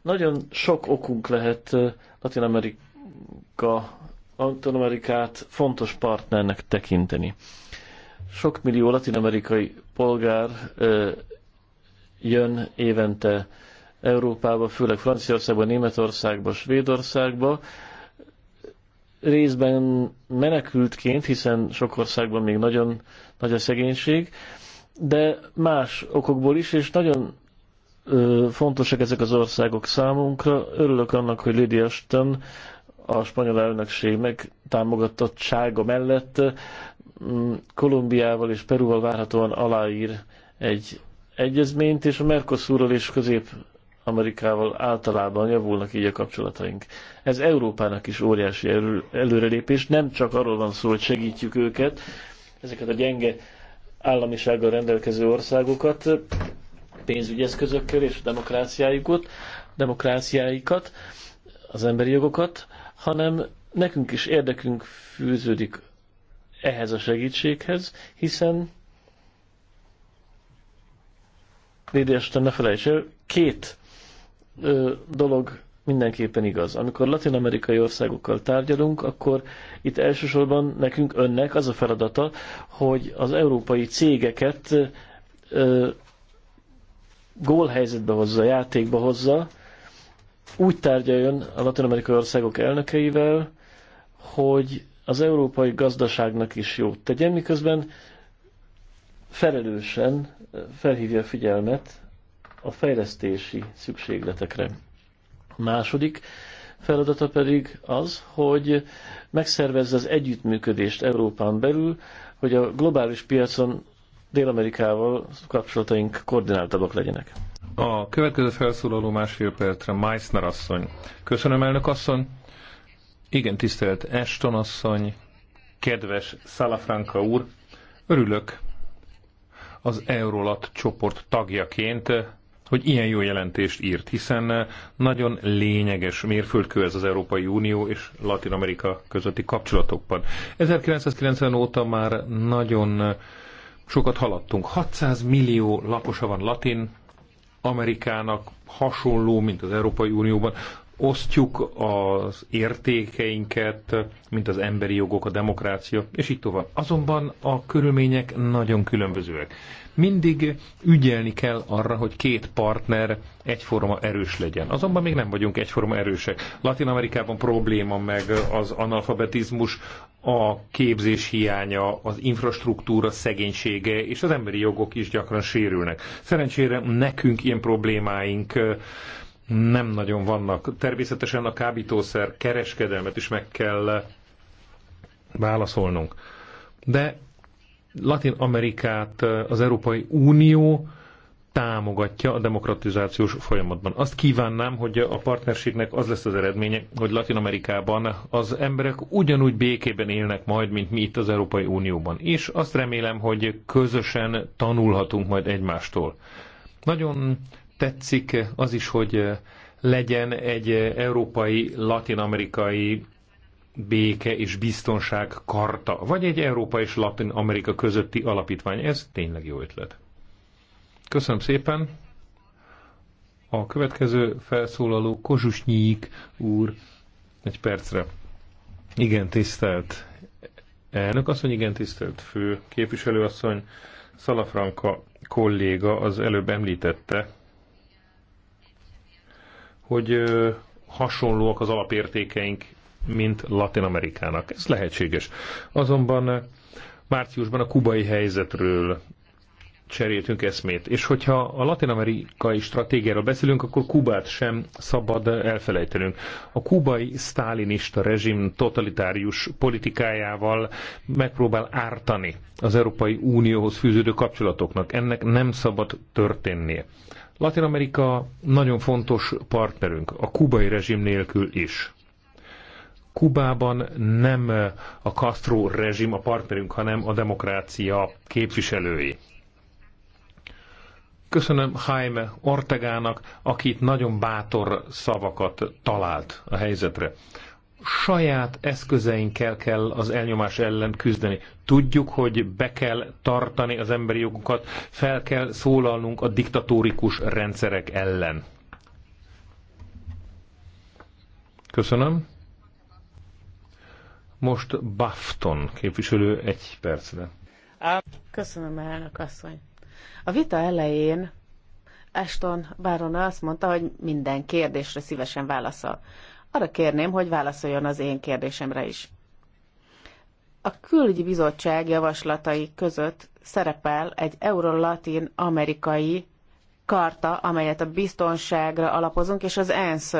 Nagyon sok okunk lehet Latin Amerika, Latin Amerikát fontos partnernek tekinteni. Sok millió latin-amerikai polgár jön évente Európába, főleg Franciaországba, Németországba, Svédországba, részben menekültként, hiszen sok országban még nagyon nagy a szegénység, de más okokból is, és nagyon ö, fontosak ezek az országok számunkra. Örülök annak, hogy Lydia Stön a spanyol elnökség megtámogatottsága mellett mm, Kolumbiával és Perúval várhatóan aláír egy egyezményt, és a Mercosurról és közép Amerikával általában javulnak így a kapcsolataink. Ez Európának is óriási előrelépés, nem csak arról van szó, hogy segítjük őket, ezeket a gyenge államisággal rendelkező országokat, pénzügyi eszközökkel és demokráciájukat, demokráciáikat, az emberi jogokat, hanem nekünk is érdekünk fűződik ehhez a segítséghez, hiszen Lédia ne felejts el, két ö, dolog mindenképpen igaz. Amikor latin-amerikai országokkal tárgyalunk, akkor itt elsősorban nekünk önnek az a feladata, hogy az európai cégeket ö, gólhelyzetbe hozza, játékba hozza, úgy tárgyaljon a latin-amerikai országok elnökeivel, hogy az európai gazdaságnak is jót tegyen, miközben felelősen felhívja a figyelmet a fejlesztési szükségletekre. A második feladata pedig az, hogy megszervezze az együttműködést Európán belül, hogy a globális piacon Dél-Amerikával kapcsolataink koordináltabbak legyenek. A következő felszólaló másfél percre Meissner asszony. Köszönöm, elnök asszony. Igen, tisztelt Eston asszony, kedves Salafranca úr, örülök az Eurolat csoport tagjaként hogy ilyen jó jelentést írt, hiszen eh, nagyon lényeges mérföldkő ez az Európai Unió és Latin Amerika közötti kapcsolatokban. 1990 óta már nagyon eh, sokat haladtunk. 600 millió lakosa van Latin Amerikának, hasonló, mint az Európai Unióban. Osztjuk az értékeinket, mint az emberi jogok, a demokrácia, és így tovább. Azonban a körülmények nagyon különbözőek. Mindig ügyelni kell arra, hogy két partner egyforma erős legyen. Azonban még nem vagyunk egyforma erősek. Latin Amerikában probléma meg az analfabetizmus, a képzés hiánya, az infrastruktúra szegénysége és az emberi jogok is gyakran sérülnek. Szerencsére nekünk ilyen problémáink nem nagyon vannak. Természetesen a kábítószer kereskedelmet is meg kell válaszolnunk. De Latin Amerikát az Európai Unió támogatja a demokratizációs folyamatban. Azt kívánnám, hogy a partnerségnek az lesz az eredménye, hogy Latin Amerikában az emberek ugyanúgy békében élnek majd, mint mi itt az Európai Unióban. És azt remélem, hogy közösen tanulhatunk majd egymástól. Nagyon tetszik az is, hogy legyen egy európai latinamerikai béke és biztonság karta, vagy egy Európa és Latin Amerika közötti alapítvány. Ez tényleg jó ötlet. Köszönöm szépen. A következő felszólaló Kozsusnyík úr egy percre. Igen, tisztelt elnök asszony, igen, tisztelt fő képviselő asszony, Szalafranka kolléga az előbb említette, hogy hasonlóak az alapértékeink mint Latin Amerikának. Ez lehetséges. Azonban eh, márciusban a kubai helyzetről cseréltünk eszmét. És hogyha a latin-amerikai stratégiáról beszélünk, akkor Kubát sem szabad elfelejtenünk. A kubai sztálinista rezsim totalitárius politikájával megpróbál ártani az Európai Unióhoz fűződő kapcsolatoknak. Ennek nem szabad történnie. Latin-Amerika nagyon fontos partnerünk, a kubai rezsim nélkül is. Kubában nem a Castro rezsim a partnerünk, hanem a demokrácia képviselői. Köszönöm Jaime Ortegának, akit nagyon bátor szavakat talált a helyzetre. Saját eszközeinkkel kell az elnyomás ellen küzdeni. Tudjuk, hogy be kell tartani az emberi jogokat, fel kell szólalnunk a diktatórikus rendszerek ellen. Köszönöm. Most Bafton képviselő egy percre. Köszönöm, elnök asszony. A vita elején Ashton Barona azt mondta, hogy minden kérdésre szívesen válaszol. Arra kérném, hogy válaszoljon az én kérdésemre is. A külügyi bizottság javaslatai között szerepel egy euro latin amerikai karta, amelyet a biztonságra alapozunk, és az ENSZ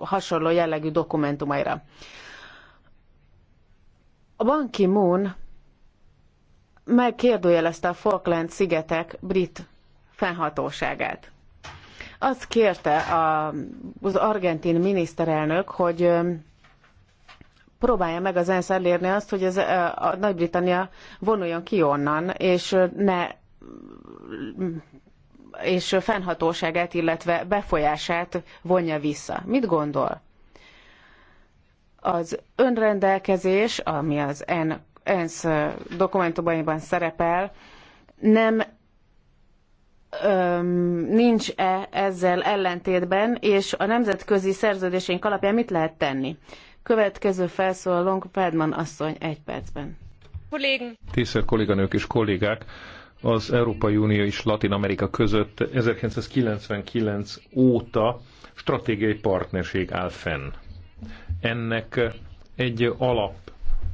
hasonló jellegű dokumentumaira. A Ban Ki-moon megkérdőjelezte a Falkland-szigetek brit fennhatóságát. Azt kérte a, az argentin miniszterelnök, hogy próbálja meg az ENSZ elérni azt, hogy ez, a Nagy-Britannia vonuljon ki onnan, és ne és fennhatóságát, illetve befolyását vonja vissza. Mit gondol? Az önrendelkezés, ami az ENSZ dokumentumaiban szerepel, nem nincs-e ezzel ellentétben, és a nemzetközi szerződésénk alapján mit lehet tenni? Következő felszólalónk Feldman asszony egy percben. Kollégn. Tisztelt kolléganők és kollégák! Az Európai Unió és Latin Amerika között 1999 óta stratégiai partnerség áll fenn ennek egy alap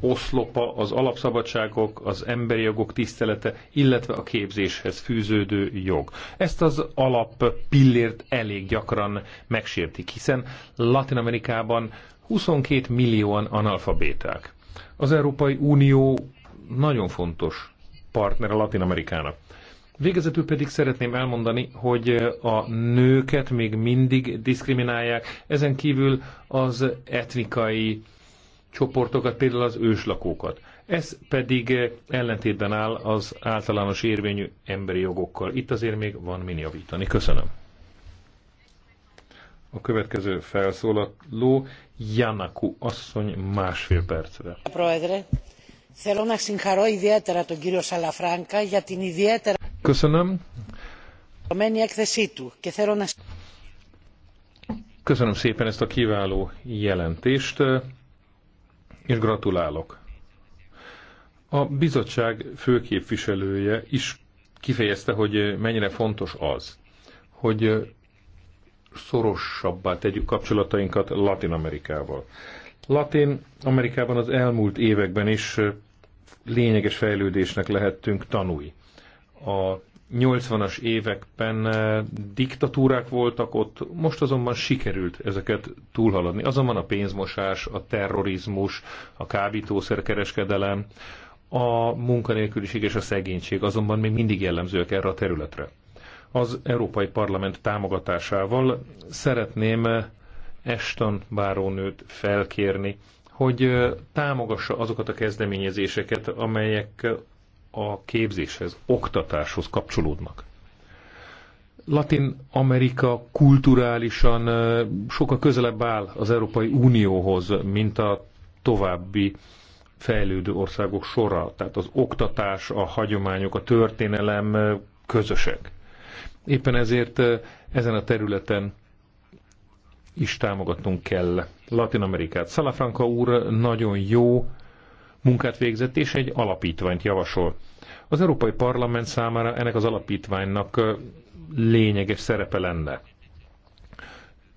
oszlopa az alapszabadságok, az emberi jogok tisztelete, illetve a képzéshez fűződő jog. Ezt az alap pillért elég gyakran megsértik, hiszen Latin Amerikában 22 millióan analfabéták. Az Európai Unió nagyon fontos partner a Latin Amerikának. Végezetül pedig szeretném elmondani, hogy a nőket még mindig diszkriminálják, ezen kívül az etnikai csoportokat, például az őslakókat. Ez pedig ellentétben áll az általános érvényű emberi jogokkal. Itt azért még van min javítani. Köszönöm. A következő felszólaló Janaku asszony másfél percre. Πρόεδρε, θέλω να a ιδιαίτερα a la franca, για την Köszönöm. Köszönöm szépen ezt a kiváló jelentést, és gratulálok. A bizottság főképviselője is kifejezte, hogy mennyire fontos az, hogy szorosabbá tegyük kapcsolatainkat Latin Amerikával. Latin Amerikában az elmúlt években is lényeges fejlődésnek lehettünk tanúi a 80-as években eh, diktatúrák voltak ott, most azonban sikerült ezeket túlhaladni. Azonban a pénzmosás, a terrorizmus, a kábítószerkereskedelem, a munkanélküliség és a szegénység azonban még mindig jellemzőek erre a területre. Az Európai Parlament támogatásával szeretném eh, Eston bárónőt felkérni, hogy eh, támogassa azokat a kezdeményezéseket, amelyek a képzéshez, oktatáshoz kapcsolódnak. Latin Amerika kulturálisan sokkal közelebb áll az Európai Unióhoz, mint a további fejlődő országok sora. Tehát az oktatás, a hagyományok, a történelem közösek. Éppen ezért ezen a területen is támogatnunk kell Latin Amerikát. Salafranca úr nagyon jó munkát végzett, és egy alapítványt javasol. Az Európai Parlament számára ennek az alapítványnak lényeges szerepe lenne,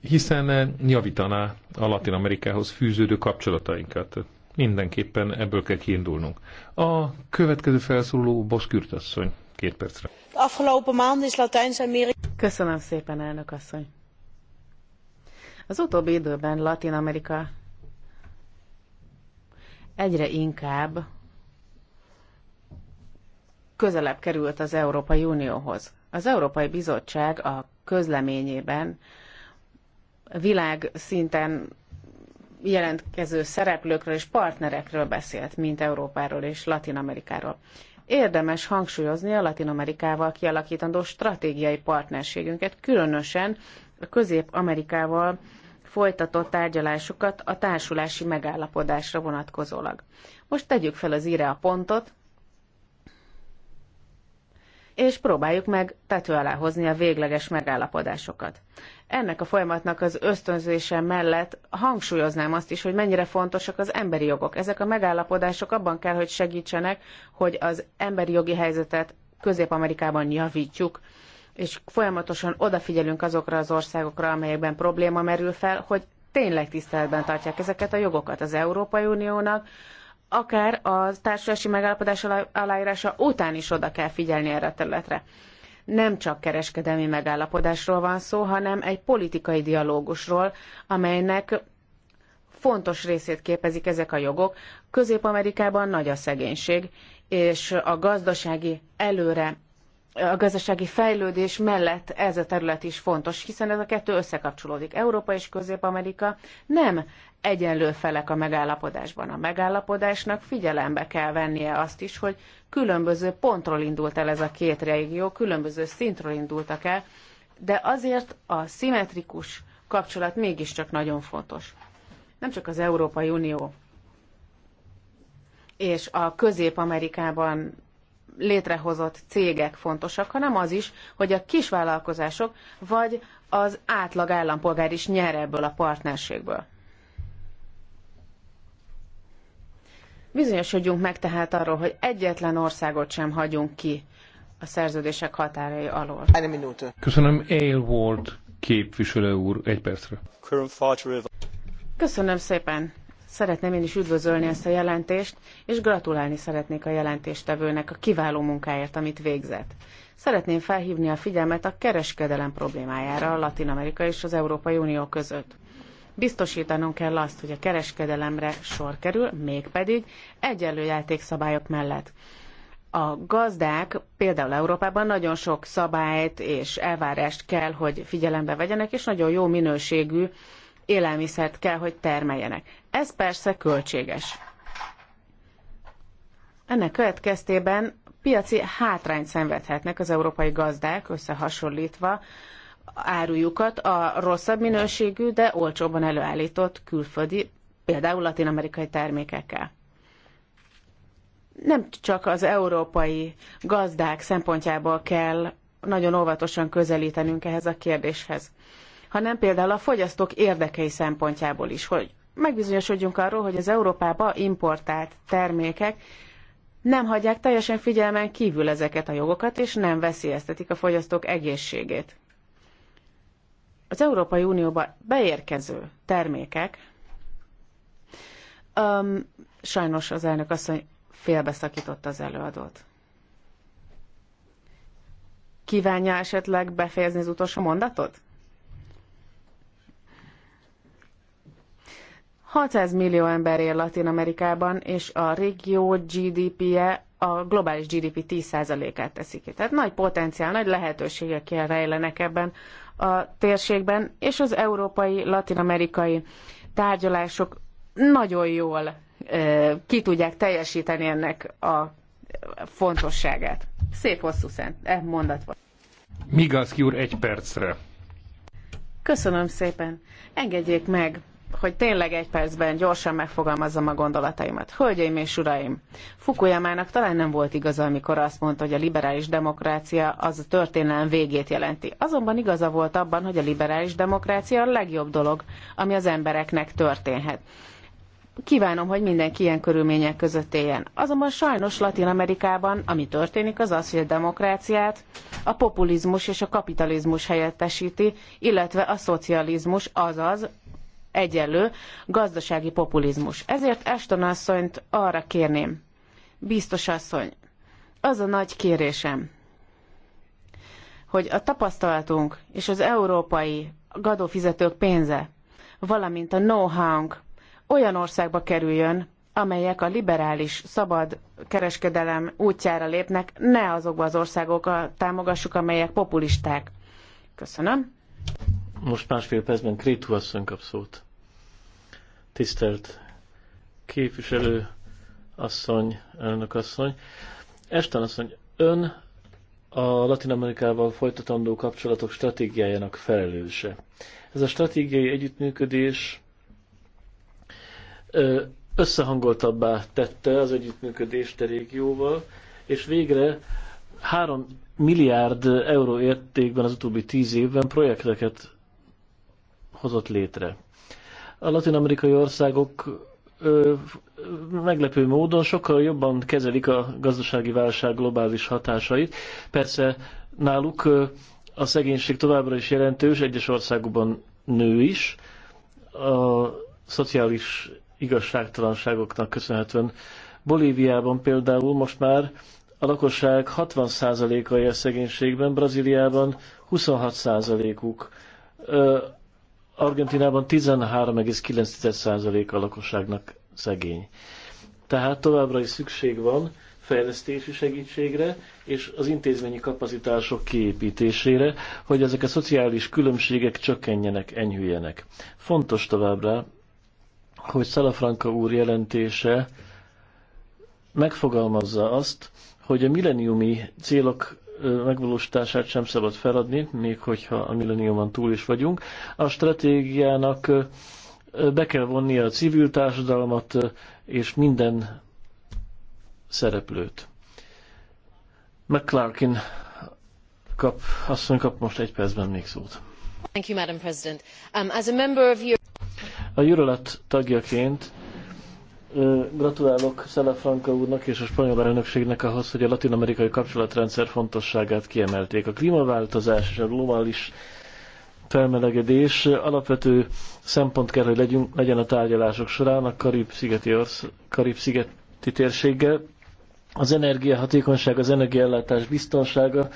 hiszen javítaná a Latin Amerikához fűződő kapcsolatainkat. Mindenképpen ebből kell kiindulnunk. A következő felszóló Boszkürt asszony, két percre. Köszönöm szépen, elnök asszony. Az utóbbi időben Latin Amerika egyre inkább közelebb került az Európai Unióhoz. Az Európai Bizottság a közleményében világszinten jelentkező szereplőkről és partnerekről beszélt, mint Európáról és Latin Amerikáról. Érdemes hangsúlyozni a Latin Amerikával kialakítandó stratégiai partnerségünket, különösen a Közép-Amerikával folytatott tárgyalásokat a társulási megállapodásra vonatkozólag. Most tegyük fel az íre a pontot, és próbáljuk meg tető alá hozni a végleges megállapodásokat. Ennek a folyamatnak az ösztönzése mellett hangsúlyoznám azt is, hogy mennyire fontosak az emberi jogok. Ezek a megállapodások abban kell, hogy segítsenek, hogy az emberi jogi helyzetet Közép-Amerikában javítjuk, és folyamatosan odafigyelünk azokra az országokra, amelyekben probléma merül fel, hogy tényleg tiszteletben tartják ezeket a jogokat az Európai Uniónak, akár a társulási megállapodás aláírása után is oda kell figyelni erre a területre. Nem csak kereskedelmi megállapodásról van szó, hanem egy politikai dialógusról, amelynek fontos részét képezik ezek a jogok. Közép-Amerikában nagy a szegénység, és a gazdasági előre a gazdasági fejlődés mellett ez a terület is fontos, hiszen ez a kettő összekapcsolódik. Európa és Közép-Amerika nem egyenlő felek a megállapodásban. A megállapodásnak figyelembe kell vennie azt is, hogy különböző pontról indult el ez a két régió, különböző szintről indultak el, de azért a szimmetrikus kapcsolat mégiscsak nagyon fontos. Nem csak az Európai Unió és a Közép-Amerikában létrehozott cégek fontosak, hanem az is, hogy a kisvállalkozások vagy az átlag állampolgár is nyer ebből a partnerségből. Bizonyosodjunk meg tehát arról, hogy egyetlen országot sem hagyunk ki a szerződések határai alól. Köszönöm, Ail volt képviselő úr, egy percre. Köszönöm szépen. Szeretném én is üdvözölni ezt a jelentést, és gratulálni szeretnék a jelentéstevőnek a kiváló munkáért, amit végzett. Szeretném felhívni a figyelmet a kereskedelem problémájára a Latin Amerika és az Európai Unió között. Biztosítanunk kell azt, hogy a kereskedelemre sor kerül, mégpedig egyenlő játékszabályok mellett a gazdák például Európában nagyon sok szabályt és elvárást kell, hogy figyelembe vegyenek, és nagyon jó minőségű élelmiszert kell, hogy termeljenek. Ez persze költséges. Ennek következtében piaci hátrányt szenvedhetnek az európai gazdák összehasonlítva árujukat a rosszabb minőségű, de olcsóban előállított külföldi, például latin-amerikai termékekkel. Nem csak az európai gazdák szempontjából kell nagyon óvatosan közelítenünk ehhez a kérdéshez, hanem például a fogyasztók érdekei szempontjából is, hogy megbizonyosodjunk arról, hogy az Európába importált termékek nem hagyják teljesen figyelmen kívül ezeket a jogokat, és nem veszélyeztetik a fogyasztók egészségét. Az Európai Unióba beérkező termékek, um, sajnos az elnök asszony félbeszakította az előadót. Kívánja esetleg befejezni az utolsó mondatot? 600 millió ember él Latin Amerikában, és a régió GDP-je a globális GDP 10%-át teszik ki. Tehát nagy potenciál, nagy lehetőségek rejlenek ebben a térségben, és az európai, latin-amerikai tárgyalások nagyon jól e, ki tudják teljesíteni ennek a fontosságát. Szép hosszú szent, eh, mondat volt. Migaszki úr, egy percre. Köszönöm szépen. Engedjék meg, hogy tényleg egy percben gyorsan megfogalmazzam a gondolataimat. Hölgyeim és uraim, Fukuyamának talán nem volt igaza, amikor azt mondta, hogy a liberális demokrácia az a történelem végét jelenti. Azonban igaza volt abban, hogy a liberális demokrácia a legjobb dolog, ami az embereknek történhet. Kívánom, hogy mindenki ilyen körülmények között éljen. Azonban sajnos Latin Amerikában, ami történik, az az, hogy a demokráciát a populizmus és a kapitalizmus helyettesíti, illetve a szocializmus, azaz egyenlő gazdasági populizmus. Ezért Eston asszonyt arra kérném, biztos asszony, az a nagy kérésem, hogy a tapasztalatunk és az európai gadófizetők pénze, valamint a know how olyan országba kerüljön, amelyek a liberális, szabad kereskedelem útjára lépnek, ne azokba az országokba támogassuk, amelyek populisták. Köszönöm. Most másfél percben Krétu asszony kap szót tisztelt képviselő asszony, elnök asszony. Esten asszony, ön a Latin Amerikával folytatandó kapcsolatok stratégiájának felelőse. Ez a stratégiai együttműködés összehangoltabbá tette az együttműködést a régióval, és végre 3 milliárd euró értékben az utóbbi 10 évben projekteket hozott létre a latin-amerikai országok ö, meglepő módon sokkal jobban kezelik a gazdasági válság globális hatásait. Persze náluk ö, a szegénység továbbra is jelentős, egyes országokban nő is. A szociális igazságtalanságoknak köszönhetően Bolíviában például most már a lakosság 60%-a él szegénységben, Brazíliában 26%-uk. Argentinában 13,9% a lakosságnak szegény. Tehát továbbra is szükség van fejlesztési segítségre és az intézményi kapacitások kiépítésére, hogy ezek a szociális különbségek csökkenjenek, enyhüljenek. Fontos továbbra, hogy Szalafranka úr jelentése megfogalmazza azt, hogy a milleniumi célok megvalósítását sem szabad feladni, még hogyha a millenniumon túl is vagyunk. A stratégiának be kell vonnia a civil társadalmat és minden szereplőt. McClarkin kap, asszony kap most egy percben még szót. Thank you, Madam President. Um, as a member of your... a Eurolat tagjaként Gratulálok Franca úrnak és a spanyol elnökségnek ahhoz, hogy a latin-amerikai kapcsolatrendszer fontosságát kiemelték. A klímaváltozás és a globális felmelegedés alapvető szempont kell, hogy legyünk, legyen a tárgyalások során a Karib-szigeti, orsz, Karib-szigeti térséggel. Az energiahatékonyság, az energiállátás biztonsága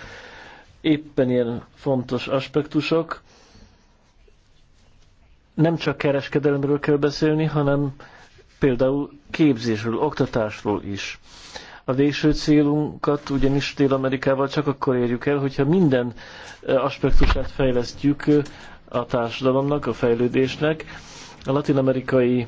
éppen ilyen fontos aspektusok. Nem csak kereskedelemről kell beszélni, hanem például képzésről, oktatásról is. A végső célunkat ugyanis Dél-Amerikával csak akkor érjük el, hogyha minden eh, aspektusát fejlesztjük eh, a társadalomnak, a fejlődésnek. A latin-amerikai eh,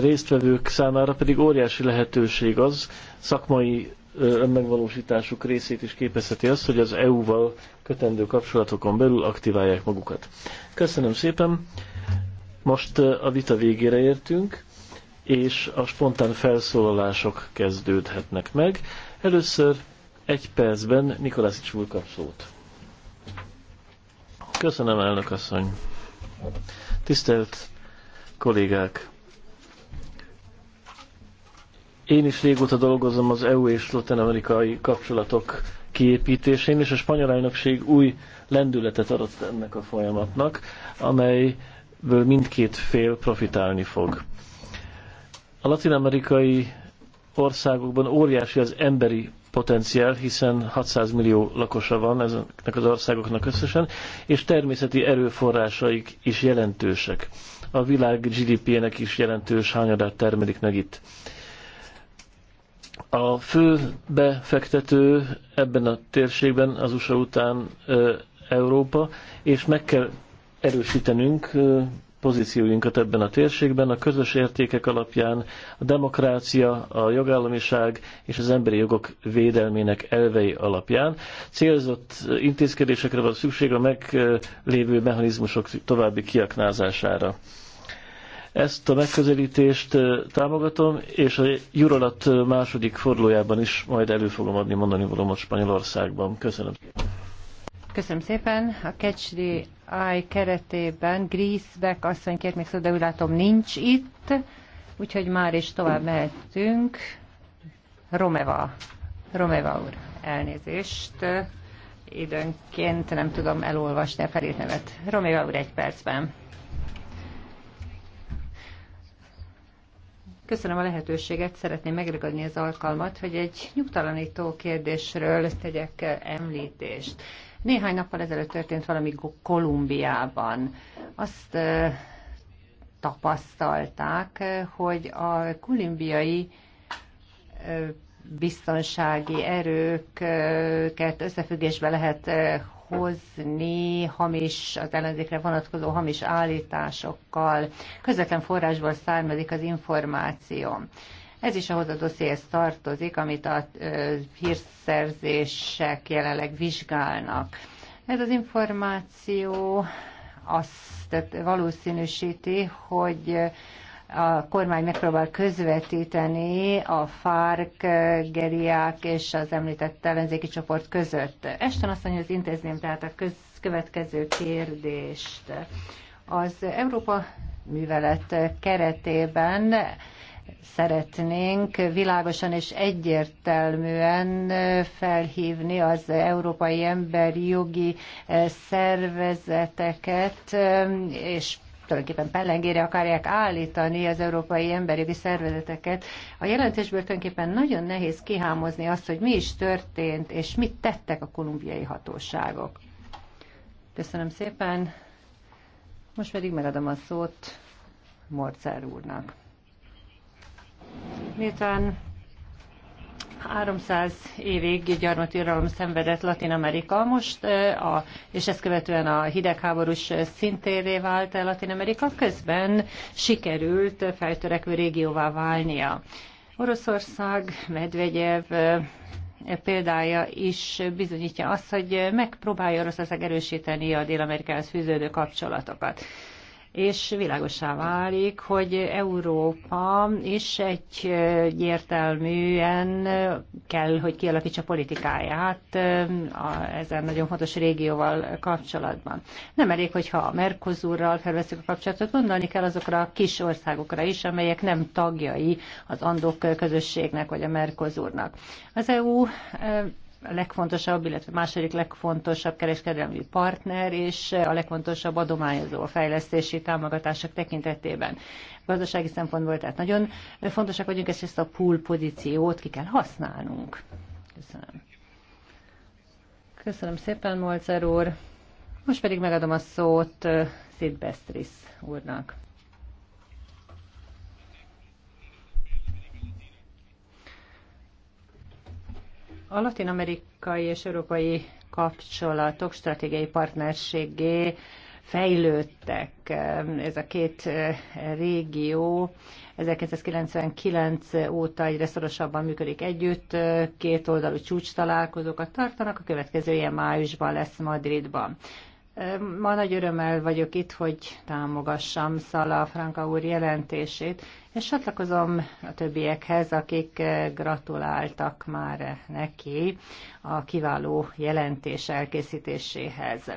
résztvevők számára pedig óriási lehetőség az, szakmai önmegvalósításuk részét is képezheti azt, hogy az EU-val kötendő kapcsolatokon belül aktiválják magukat. Köszönöm szépen! Most a vita végére értünk és a spontán felszólalások kezdődhetnek meg. Először egy percben Nikolászics úr kap szót. Köszönöm, elnök asszony. Tisztelt kollégák! Én is régóta dolgozom az EU és latin-amerikai kapcsolatok kiépítésén, és a spanyol elnökség új lendületet adott ennek a folyamatnak, amelyből mindkét fél profitálni fog. A latin-amerikai országokban óriási az emberi potenciál, hiszen 600 millió lakosa van ezeknek az országoknak összesen, és természeti erőforrásaik is jelentősek. A világ GDP-nek is jelentős hányadát termelik meg itt. A fő befektető ebben a térségben az USA után Európa, és meg kell erősítenünk pozícióinkat ebben a térségben, a közös értékek alapján a demokrácia, a jogállamiság és az emberi jogok védelmének elvei alapján. Célzott intézkedésekre van szükség a meglévő mechanizmusok további kiaknázására. Ezt a megközelítést támogatom, és a Jurolat második fordulójában is majd elő fogom adni mondani valamot Spanyolországban. Köszönöm. Köszönöm szépen. A Kecsri AI keretében Grízbek asszony kért még szó, de úgy látom nincs itt, úgyhogy már is tovább mehetünk. Romeva, Romeva úr, elnézést. Időnként nem tudom elolvasni a nevet. Romeva úr, egy percben. Köszönöm a lehetőséget, szeretném megragadni az alkalmat, hogy egy nyugtalanító kérdésről tegyek említést. Néhány nappal ezelőtt történt valami Kolumbiában. Azt tapasztalták, hogy a kolumbiai biztonsági erőket összefüggésbe lehet hozni hamis, az ellenzékre vonatkozó hamis állításokkal. Közvetlen forrásból származik az információ. Ez is ahhoz a dossziéhez tartozik, amit a hírszerzések jelenleg vizsgálnak. Ez az információ azt valószínűsíti, hogy a kormány megpróbál közvetíteni a FARC, Geriák és az említett ellenzéki csoport között. Esten azt mondja, hogy intézném tehát a köz, következő kérdést. Az Európa művelet keretében szeretnénk világosan és egyértelműen felhívni az európai emberi jogi eh, szervezeteket, eh, és tulajdonképpen pellengére akarják állítani az európai emberi jogi szervezeteket. A jelentésből tulajdonképpen nagyon nehéz kihámozni azt, hogy mi is történt, és mit tettek a kolumbiai hatóságok. Köszönöm szépen. Most pedig megadom a szót Morcer úrnak. Miután 300 évig gyarmati uralom szenvedett Latin Amerika most, a, és ezt követően a hidegháborús szintéré vált Latin Amerika, közben sikerült feltörekvő régióvá válnia. Oroszország, Medvegyev, példája is bizonyítja azt, hogy megpróbálja Oroszország erősíteni a Dél-Amerikához fűződő kapcsolatokat és világosá válik, hogy Európa is egy egyértelműen kell, hogy kialakítsa politikáját a, ezen nagyon fontos régióval kapcsolatban. Nem elég, hogyha a Mercosurral felveszünk a kapcsolatot, gondolni kell azokra a kis országokra is, amelyek nem tagjai az Andok közösségnek vagy a Mercosurnak. Az EU legfontosabb, illetve második legfontosabb kereskedelmi partner és a legfontosabb adományozó a fejlesztési támogatások tekintetében. Gazdasági szempontból tehát nagyon fontosak vagyunk, és ezt a pool pozíciót ki kell használnunk. Köszönöm. Köszönöm szépen, Molzer úr. Most pedig megadom a szót eh, Szid Bestris úrnak. A latin-amerikai és európai kapcsolatok stratégiai partnerségé fejlődtek. Ez a két eh, régió 1999 óta egyre szorosabban működik együtt, eh, két oldalú csúcs találkozókat tartanak, a következő ilyen májusban lesz Madridban. Ma nagy örömmel vagyok itt, hogy támogassam Szala Franka úr jelentését, és csatlakozom a többiekhez, akik gratuláltak már neki a kiváló jelentés elkészítéséhez.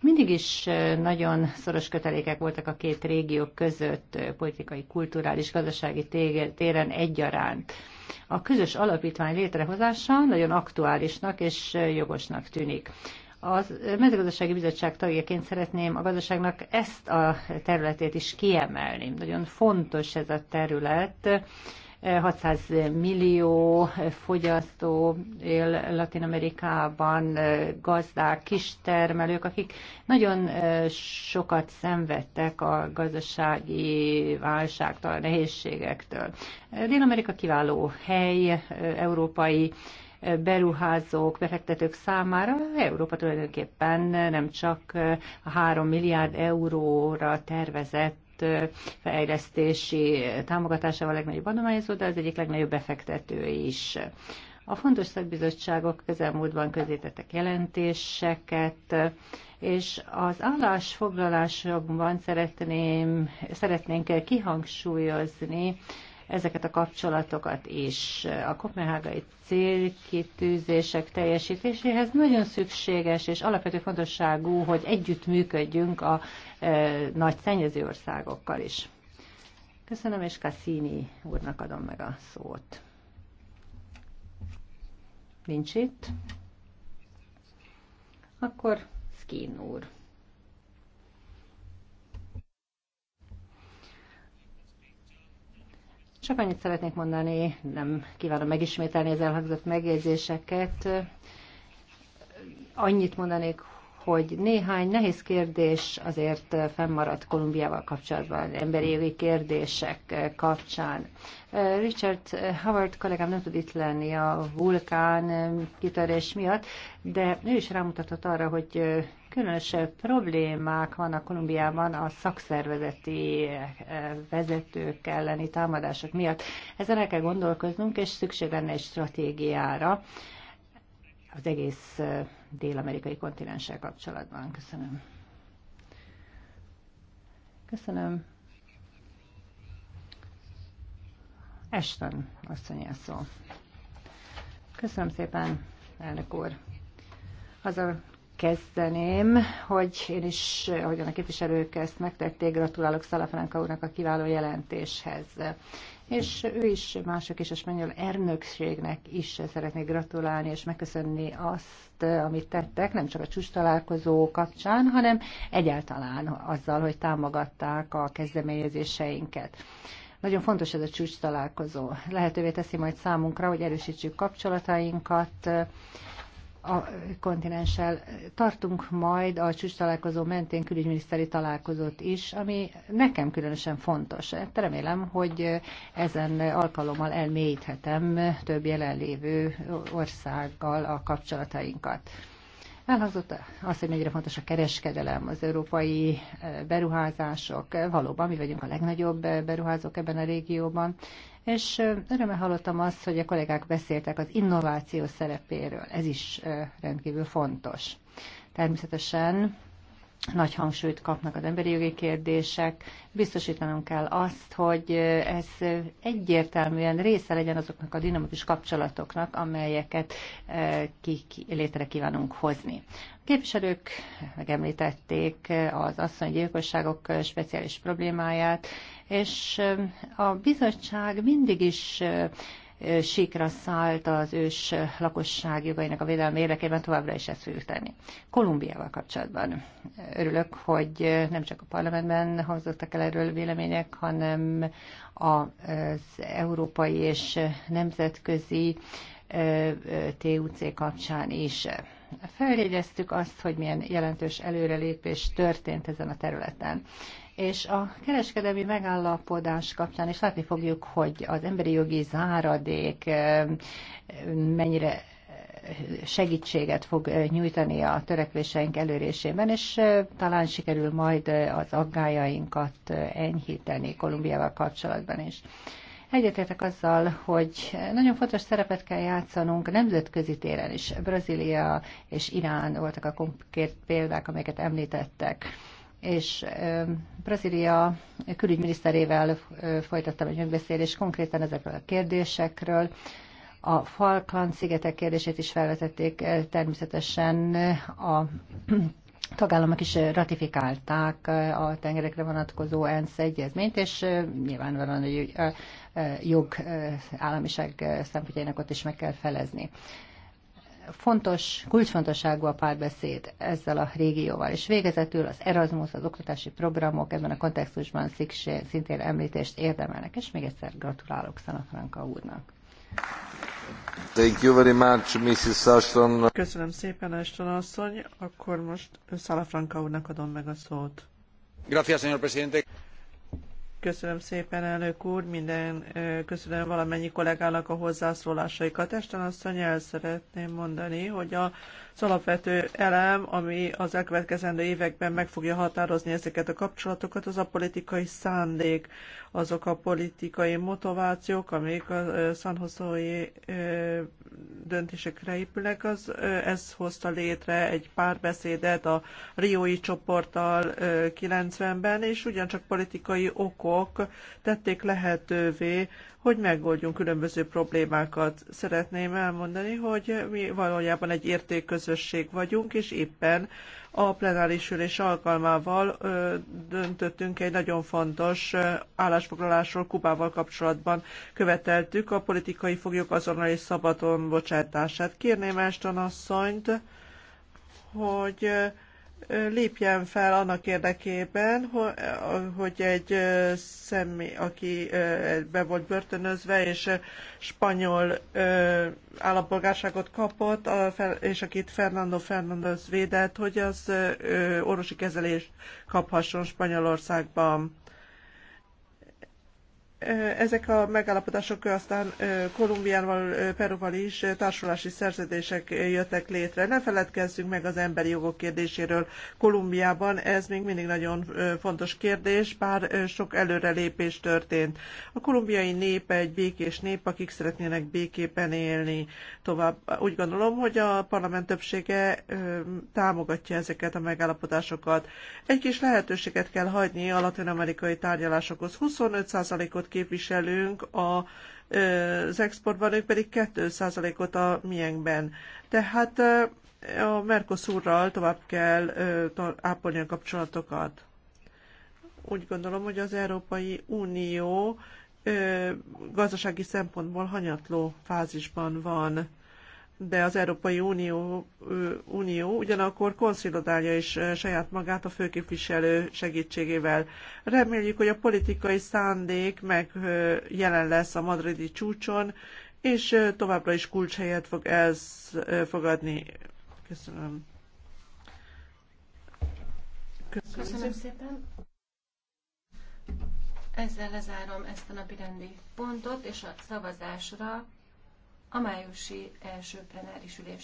Mindig is nagyon szoros kötelékek voltak a két régió között politikai, kulturális, gazdasági téren egyaránt. A közös alapítvány létrehozása nagyon aktuálisnak és jogosnak tűnik. A mezőgazdasági bizottság tagjaként szeretném a gazdaságnak ezt a területét is kiemelni. Nagyon fontos ez a terület. 600 millió fogyasztó él Latin Amerikában, gazdák, kistermelők, akik nagyon sokat szenvedtek a gazdasági válságtól, nehézségektől. Dél-Amerika kiváló hely, európai beruházók, befektetők számára Európa tulajdonképpen nem csak a 3 milliárd euróra tervezett fejlesztési támogatásával a legnagyobb adományozó, de az egyik legnagyobb befektető is. A fontos szakbizottságok közelmúltban közétettek jelentéseket, és az állásfoglalásokban szeretném, szeretnénk kihangsúlyozni ezeket a kapcsolatokat is. A kopenhágai célkitűzések teljesítéséhez nagyon szükséges és alapvető fontosságú, hogy együttműködjünk a e, nagy szennyező országokkal is. Köszönöm, és Cassini úrnak adom meg a szót. Nincs itt? Akkor Skin úr. Csak annyit szeretnék mondani, nem kívánom megismételni az elhangzott megjegyzéseket. Annyit mondanék, hogy néhány nehéz kérdés azért fennmaradt Kolumbiával kapcsolatban, emberi jogi kérdések kapcsán. Richard Howard kollégám nem tud itt lenni a vulkán kitörés miatt, de ő is rámutatott arra, hogy különösebb problémák vannak Kolumbiában a szakszervezeti eh, vezetők elleni támadások miatt. Ezen el kell gondolkoznunk, és szükség lenne egy stratégiára az egész eh, dél-amerikai kontinenssel kapcsolatban. Köszönöm. Köszönöm. Esten asszony a szó. Köszönöm szépen, elnök úr. Az a kezdeném, hogy én is, ahogyan a képviselők ezt megtették, gratulálok Szalafranka úrnak a kiváló jelentéshez. És ő is, mások is, a spanyol ernökségnek is szeretnék gratulálni, és megköszönni azt, amit tettek, nem csak a csúcs találkozó kapcsán, hanem egyáltalán azzal, hogy támogatták a kezdeményezéseinket. Nagyon fontos ez a csúcs találkozó. Lehetővé teszi majd számunkra, hogy erősítsük kapcsolatainkat, a kontinenssel. Tartunk majd a csúcs találkozó mentén külügyminiszteri találkozót is, ami nekem különösen fontos. Remélem, hogy ezen alkalommal elmélyíthetem több jelenlévő országgal a kapcsolatainkat. Elhangzott az, hogy mennyire fontos a kereskedelem, az európai beruházások. Valóban mi vagyunk a legnagyobb beruházók ebben a régióban, és örömmel hallottam azt, hogy a kollégák beszéltek az innováció szerepéről. Ez is rendkívül fontos. Természetesen nagy hangsúlyt kapnak az emberi jogi kérdések. Biztosítanunk kell azt, hogy ez egyértelműen része legyen azoknak a dinamikus kapcsolatoknak, amelyeket ki, létre kívánunk hozni. A képviselők megemlítették az asszonygyilkosságok speciális problémáját, és a bizottság mindig is síkra szállt az ős lakosság jogainak a védelme érdekében, továbbra is ezt fogjuk tenni. Kolumbiával kapcsolatban örülök, hogy nem csak a parlamentben hangzottak el erről vélemények, hanem az európai és nemzetközi TUC kapcsán is. Feljegyeztük azt, hogy milyen jelentős előrelépés történt ezen a területen és a kereskedelmi megállapodás kapcsán is látni fogjuk, hogy az emberi jogi záradék mennyire segítséget fog nyújtani a törekvéseink előrésében, és talán sikerül majd az aggájainkat enyhíteni Kolumbiával kapcsolatban is. Egyetértek azzal, hogy nagyon fontos szerepet kell játszanunk nemzetközi téren is. Brazília és Irán voltak a konkrét példák, amelyeket említettek és Brazília külügyminiszterével folytattam egy megbeszélést konkrétan ezekről a kérdésekről. A Falkland-szigetek kérdését is felvetették, természetesen a tagállamok is ratifikálták a tengerekre vonatkozó ENSZ egyezményt, és nyilvánvalóan, hogy a jogállamiság szempontjainak ott is meg kell felezni fontos, kulcsfontosságú a párbeszéd ezzel a régióval. És végezetül az Erasmus, az oktatási programok ebben a kontextusban szükség, szintén említést érdemelnek. És még egyszer gratulálok Szanafranka úrnak. Thank you very much, Mrs. Ashton. Köszönöm szépen, Ashton asszony. Akkor most Szalafranka úrnak adom meg a szót. Gracias, señor presidente. Köszönöm szépen, elnök úr, minden, köszönöm valamennyi kollégának a hozzászólásaikat. Este asszony el szeretném mondani, hogy a az alapvető elem, ami az elkövetkezendő években meg fogja határozni ezeket a kapcsolatokat, az a politikai szándék, azok a politikai motivációk, amik a szanhozói döntésekre épülnek, az, ez hozta létre egy párbeszédet a Riói csoporttal 90-ben, és ugyancsak politikai okok tették lehetővé hogy megoldjunk különböző problémákat. Szeretném elmondani, hogy mi valójában egy értékközösség vagyunk, és éppen a plenáris ülés alkalmával ö, döntöttünk egy nagyon fontos ö, állásfoglalásról Kubával kapcsolatban. Követeltük a politikai foglyok azonnali szabadon bocsátását. Kérném Eston asszonyt, hogy ö, lépjen fel annak érdekében, hogy egy személy, aki be volt börtönözve és spanyol állampolgárságot kapott, és akit Fernando Fernández védett, hogy az orvosi kezelést kaphasson Spanyolországban ezek a megállapodások aztán Kolumbiával, Peruval is társulási szerződések jöttek létre. Ne feledkezzünk meg az emberi jogok kérdéséről Kolumbiában, ez még mindig nagyon fontos kérdés, bár sok előrelépés történt. A kolumbiai nép egy békés nép, akik szeretnének békében élni tovább. Úgy gondolom, hogy a parlament többsége támogatja ezeket a megállapodásokat. Egy kis lehetőséget kell hagyni a latin-amerikai tárgyalásokhoz. 25%-ot képviselünk a, az exportban, ők pedig 2%-ot a miénkben. Tehát a Mercosurral tovább kell ápolni a kapcsolatokat. Úgy gondolom, hogy az Európai Unió gazdasági szempontból hanyatló fázisban van de az Európai Unió, Unió ugyanakkor konszolidálja is saját magát a főképviselő segítségével. Reméljük, hogy a politikai szándék meg jelen lesz a madridi csúcson, és továbbra is kulcshelyet fog ez Köszönöm. Köszönöm, Köszönöm szépen. Ezzel lezárom ezt a napi rendi pontot, és a szavazásra a májusi első plenáris ülés